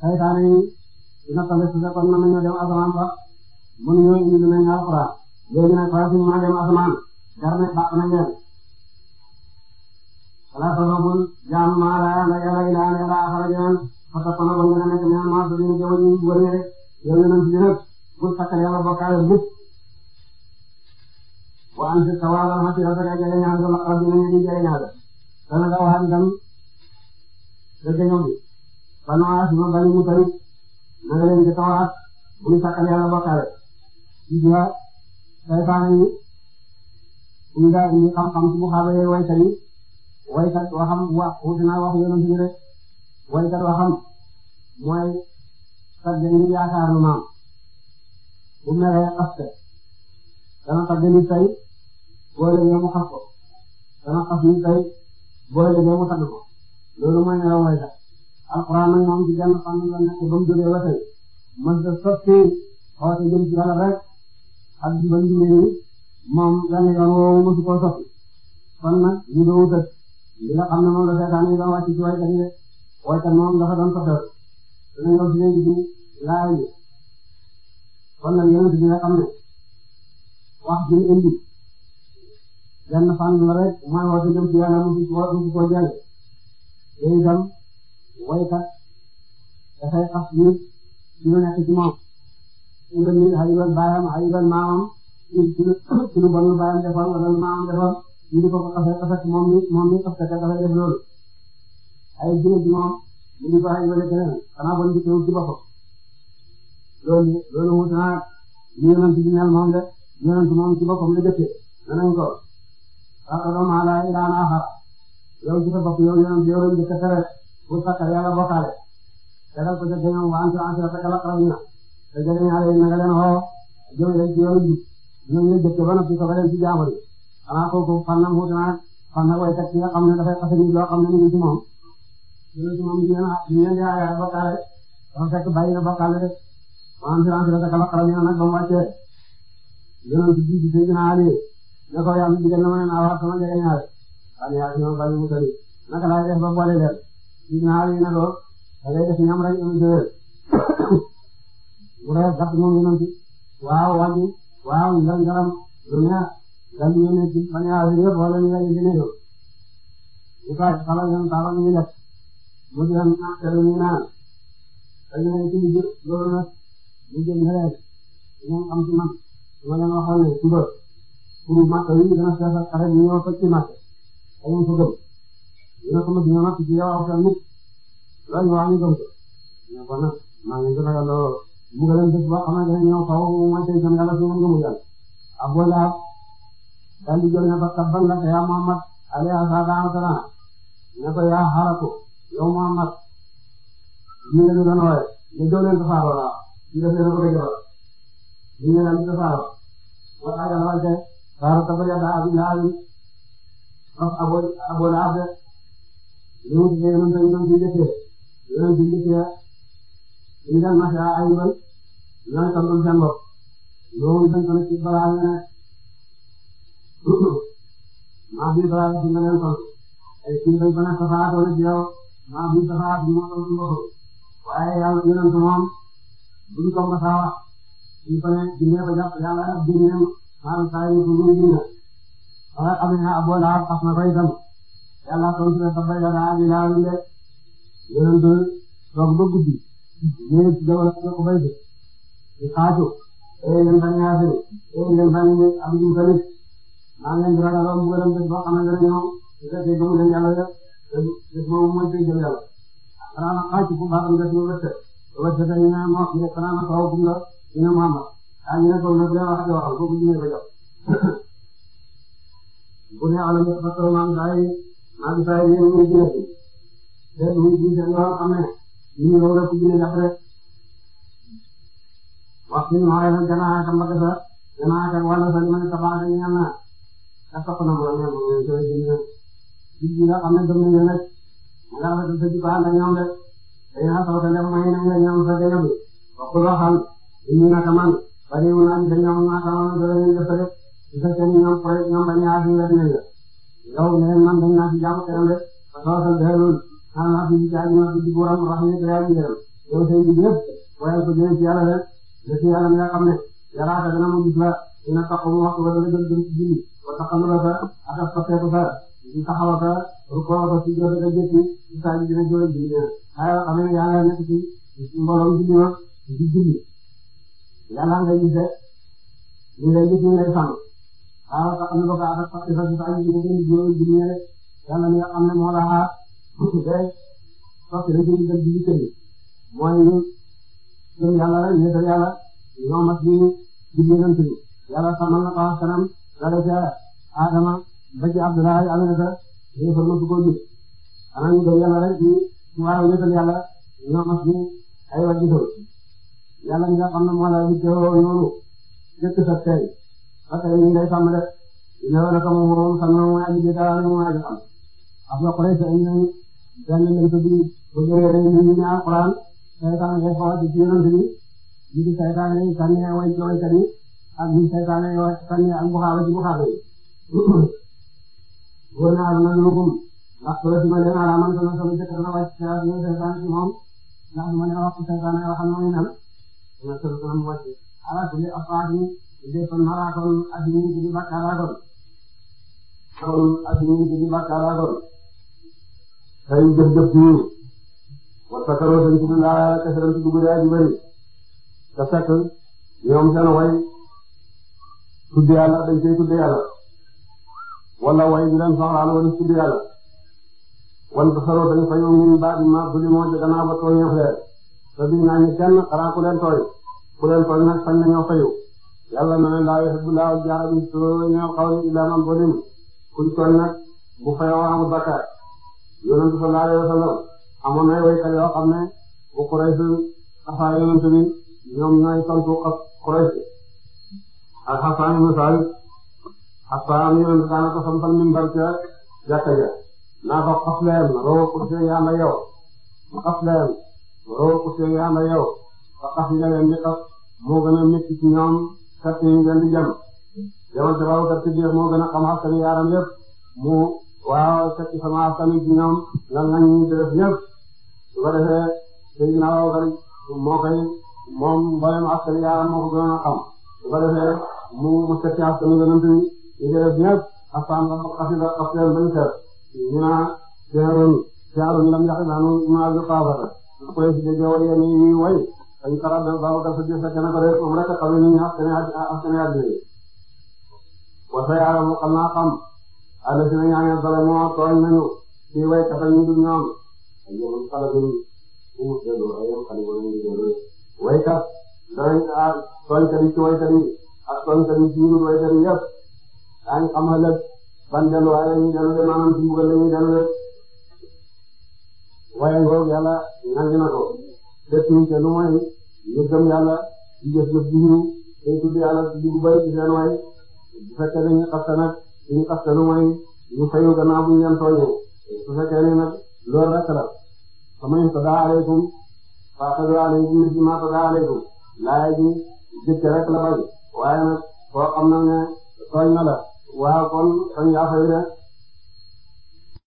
xeetaane yi dina tawee su fekkoon mën nañoo dem asamaan sax mënuñoo indi lu mel ni alxuraan léegi nag fay suñu mën a dem asamaan gar ne baax na yéen xalaat sababul jaam maa laa la yàlla ilaa ne laa xarajan fatakkoon ba nga nekk ñaan ah maa suñu jëwal ñu wër ne yow yonent bi nag bul takkal yàlla bokkaale bu wa an si tawaalal ma ci rafet jële ñaan sa laqal dinañu di jële ñaan dana nga waxaan dem dëgg ñoom bi ba noa si ma bali mu tamit na nga leen di tawaat buy sàkkal yàlla bokkaale ci biir saytaane yi ñu daal di xam-xam ci bu xaabee waykat yi waykat waxam wax naa wax yonent bi rek waykat waxam mooy tagge ngir yaakaar lu maam bu meree xaste dana tagge nit tey boole ngeen mu xas ko dana boole ngeen mu tagg loolu mooy meram waykat alxuraan nag moom ci benn fànn la nekk ba mu jógee ba tey mos a soppi xoote jëm ci yàlla rek ak ba njublu yi moom benn yoon woowu mosu koo soppi kon nag ñu doon wutal li nga xam ne moom la seetaan yi doon wàcc ci waykat yi waykat moom dafa doon soxal dina ñëw ci léegi bi laay bi kon nag yéen a nga xam ne wax bi ñu indi benn fànn la rek mooy woote jëm ci yàlla mosu koo mosu koo jëlee yooyu itam. woykat dafay xas nit ci lu nekk ci moom nga nit xajulal baayam xajulal maamam nit ci lu ci lu bon lu baayam defoon wala lu maamam defoon ñu di ko ko xasee xasee moom mi moom mi xasee ka dafay def loolu ay jënd ci moom ñu di ko xajulale keneen xanaa bon di ci boppam loolu loolu wut naa ñu yonent bi mel moom de yonent moom ci boppam la jëfee danañ ko wax dama la ilaana axara yow ci sa bopp yow yonent yow lañ jëkk a tere bu sakkar yàlla bokkaale tegal ko ca gànnaaw wa antal asira ak alaqrabina te jëlee ñaare yi naka leen woo jëm leen ci yoonu ji ñooñu jëkk ba noppi soog a leen ci jaamu ji xanaa kooku fan la mu wut naa fan la waykat yi nga xam ne dafay xasee nit loo xam ne ñu ngi ci moom ñu ngi ci moom ñu ngi leen di aayaale bokkaale dafa fekk bàyyi na bokkaale rek wa antal asira ak alaqrabina nag ba mu wàccee yéen a ngi ci jiitu Seydina Ali ne ko yàlla digal na ma ne naa war sama njëriñ ñaare xale yaa ngi ci moom bàyyi mu tëri naka laay def ba boole leen ñaari yi ne lool da ngay ñam rek (coughs) ñu jëlee bu dee gàtt moom yéen a ci waaw wàññi waaw ngaram ngaram lu neex daal di yéene ci bañ wala ñu lay yéene yow. bu baax xalaat ngeen baaxoon nañu def mu di am affaire yu naan dañu ne ci biir loolu nag ñu ma leen waxoon ne suba pour màkk yi dana ci màkk dañu ko gëm. dina ko mos ñëwaat ci yow ak nit loolu waa ñu gëm ko ñu ko nag maa ngi gën a yàlla mu gën a def ba xam ne dañu ñëw xaw ma tey jëm yàlla fi mu gëmul yàlla. Abu Lahab daal di jël ne ko tabban laka yaa Muhammad alayhi salaatu wa salaam ne ko yaa xaraku yow Muhammad ñu ngi leen doon wooye ñu doon leen tasaaroo la ñu def leen ko dëgg la ñu ngi leen di tasaaroo wala yàlla wàcce saaro tabba yàlla abi laabi Abu Lahab ñoom ci yéen a ngi doon di njëkkee yéen a ngi di njëkkee ñu dem na si ay yoon ñooy tàmbali seen bopp loolu dañ ko def ci balaa nga ne maa ngi balaa nga fi nga leen toll ay kii dañ ko nekk safaat wala ci yow maa ngi safaat ñu mën a toll bopp waaye yàlla yéen a ko moom buñ ko mën a saawa ñu ko ne dinañ ko jàpp yàlla dinañ maa ngi saa yu bëgg dinañ waaye am na aboo laaf as na koy dem. yàlla soo ci ne tabay la daa di laaw de yéen de toog ba guddi ñëw ci jamono bi ko bay de di xaatu eh yéen bañ naa fi eh yéen bañ ñu am ñu tamit maa ngi leen di ragaloon bu gërëm bés boo xamante ne ñoom su fekkee gëmu leen yàlla def bés boobu mooy tey jëm yàlla. xanaa xaatu bu baax nga ci wëtte wëtte te ñu ne moo ne xanaa ma taw kum la ñu ne Muhammad ah ñu ne ko nag yaa wax ak yow kooku ñu ne ko jox (coughs) bu ne alam ba taw maa ngi ansaar yi ñu ngi jëlee te ñu ngi seen yoo xam ne ñu ngi loolu rek ñu ngi def rek waxtu bi maa ngi leen gannaaw ak mbokk sa gannaaw ak wàllu sa li ma ne tabax ak ñaan naa ka topp na mu ne mu ngi koy jëndee ji bi nga xam ne doomu ngeen rek mu ngi rafetlu sa jubbaal ak ñoom rek dañu la soxla dem may nañ la ñoom sa gëjëm waxtu loo xam ñu naka man bari wu naan te ñoom ñaata woon dëgg yàlla ñu def rek su fekkee ñoom projet ñoom dañuy aaj ñu rek ne la. yow ne man dañ naa ci jaamu keneen rek ma tawasal beerul maa naa fi jaay ma fi buuram rahmi dayaa ngi yërëm yow say bi yëpp waaye ko jëlee ci yàlla rek la ci yàlla mi nga xam ne yaraata dana mu gis la dina taxaw mu waxtu ba dana gën gën ci julli wa taxawula sa ak ak soppeeku sa di taxawa sa rukoo sa si jot a jëkki si saa ji dina jooy julli na waaye xam ne yàlla nekk ci mbooloom julli ma di julli yàlla ngay gisee li ngay gis ñu lay sànq waaw sax am na ba baax sax sax sax ñu ngi leen di jëloon di ñëw yàlla li nga xam ne moo la xaar te soxla na jënd ak jiitu kër yi mooy ñun yàlla rek ñu ne yàlla ñoo mat ñu jubluwante ñu yàlla sàmmal na ko ak kanam dara ca Adama ba ci Abdoulaye Aminata ñu fa mësu ko jub xanaa ñu gëm yàlla rek ñu waaw ñu ne yàlla ñoo mat ñu ay wàllu yàlla ñi nga xam ne moo la wittewoo noonu jëkk sa tey. ba tey ñu ngi lay sàmm de yow naka moom moom sàmm moom yaa ngi gis daal moom yaa ngi xam ab nga xoolee sa indi nañu benn mbéy mi bi bu jëlee ñu ñu ñaan Alxuraan saytaan ngay xool ci yonent bi ñu di saytaan yi sànni way waykat yi ak ñu saytaan yi wa sànni ak buxaaba ci buxaaba yi. wóor naa la man lukum ndax soo si ma leen ala man sama sama jëkkër la wàcc ca ñu saytaan ci moom ndax ma ne wax saytaan yoo xam ne mooy nan ma sël ko mu wàcc ala kulli afaatin lépp nara kon adduna yi di bakkaara kon kon adduna yi di bakkaara kon tey jëf-jëf ci ñun wasakaroo dañ ci dundaa kese dañ ci dugg dee ju bëri te fekk ñoom seen way tudde yàlla dañ koy tudde yàlla wala way ñu leen soxlaal wala tudde yàlla wala tasaroo dañ fa ñoom ñun baat ma bu li moo jëg naa ba tooñeef leen te duñ naa ñu kenn xanaa ku leen tooy ku leen tooy nag fañ la ñoo fayu yàlla na laa yuhibbu llaahu al-jahra suu'i mina al-qawli illaa man zulima kuñ toll nag bu fayoo amul bakkaar yonent bi sallallahu alayhi wa sallam amoon na waykat yoo xam ne bu Quraysh xasaa yonent bi ñoom ñooy tontu Quraysh ak Hassan ibn Saabit Hassan yonent bi daanaka sampal minbar ca jàkka ja naa ko xas leen roo ku see yàlla yow xas leen roo ku see yàlla yow ba xas nga leen di xas moo gën a métti ci ñoom kàtt yi ngeen di jàll jamono dafa am kàtt moo gën a xam askan wi yaaram yëpp mu waaw fekk sama askan wi ci ñoom lan la ñuy def ñëpp su ko defee dégg naa waaw kër moo koy moom mboolem askan wi yaaram moo ko gën a xam su ko defee mu mu fekk askan wi gën a tudd ñu def ñëpp askan la xas la xas leen bañ seet ñu naa seeroon seeroon lam yàq daanu maa ngi xaafata. su ko defee si déggee wala yéen ñuy way. ay xalaat dafa baaxul dafa gis fekk na ko rek moom rek a xamee ni ñu askan wi askan wi àddina yi waaye sa yaram xam naa xam àll si ne ñaa ngeen bala moo tooñ nañu si way katam ñu dul ñoom ay yoon xalaat yi mu dellu ay yoon xale wala ñu dellu way kat danañ ah tooñkat yi ci waykat yi ak tooñkat yi ci ñu dul waykat yi yëpp daañu xam xalaat ban delluwaay la ñuy dellu de maanaam ci mbugal la ñuy dellu de waaye ngoog yàlla ñaan na ko def ñu te lu mooy ñu gëm yàlla di jëf-jëf bu ñëw day tudd yàlla di dugg bay ci seen way bu fekkee ne ñu xasta nag suñu xastalu mooy ñu fayu gannaaw bu ñu leen tooñee su fekkee ne nag loolu rek la sama tada aleykum faaqadu aleykum misli ma tada aleykum laaya ji jëkk rek la bay waaye nag koo xam na ne tooñ na la waaw kon tooñ yaa fayu de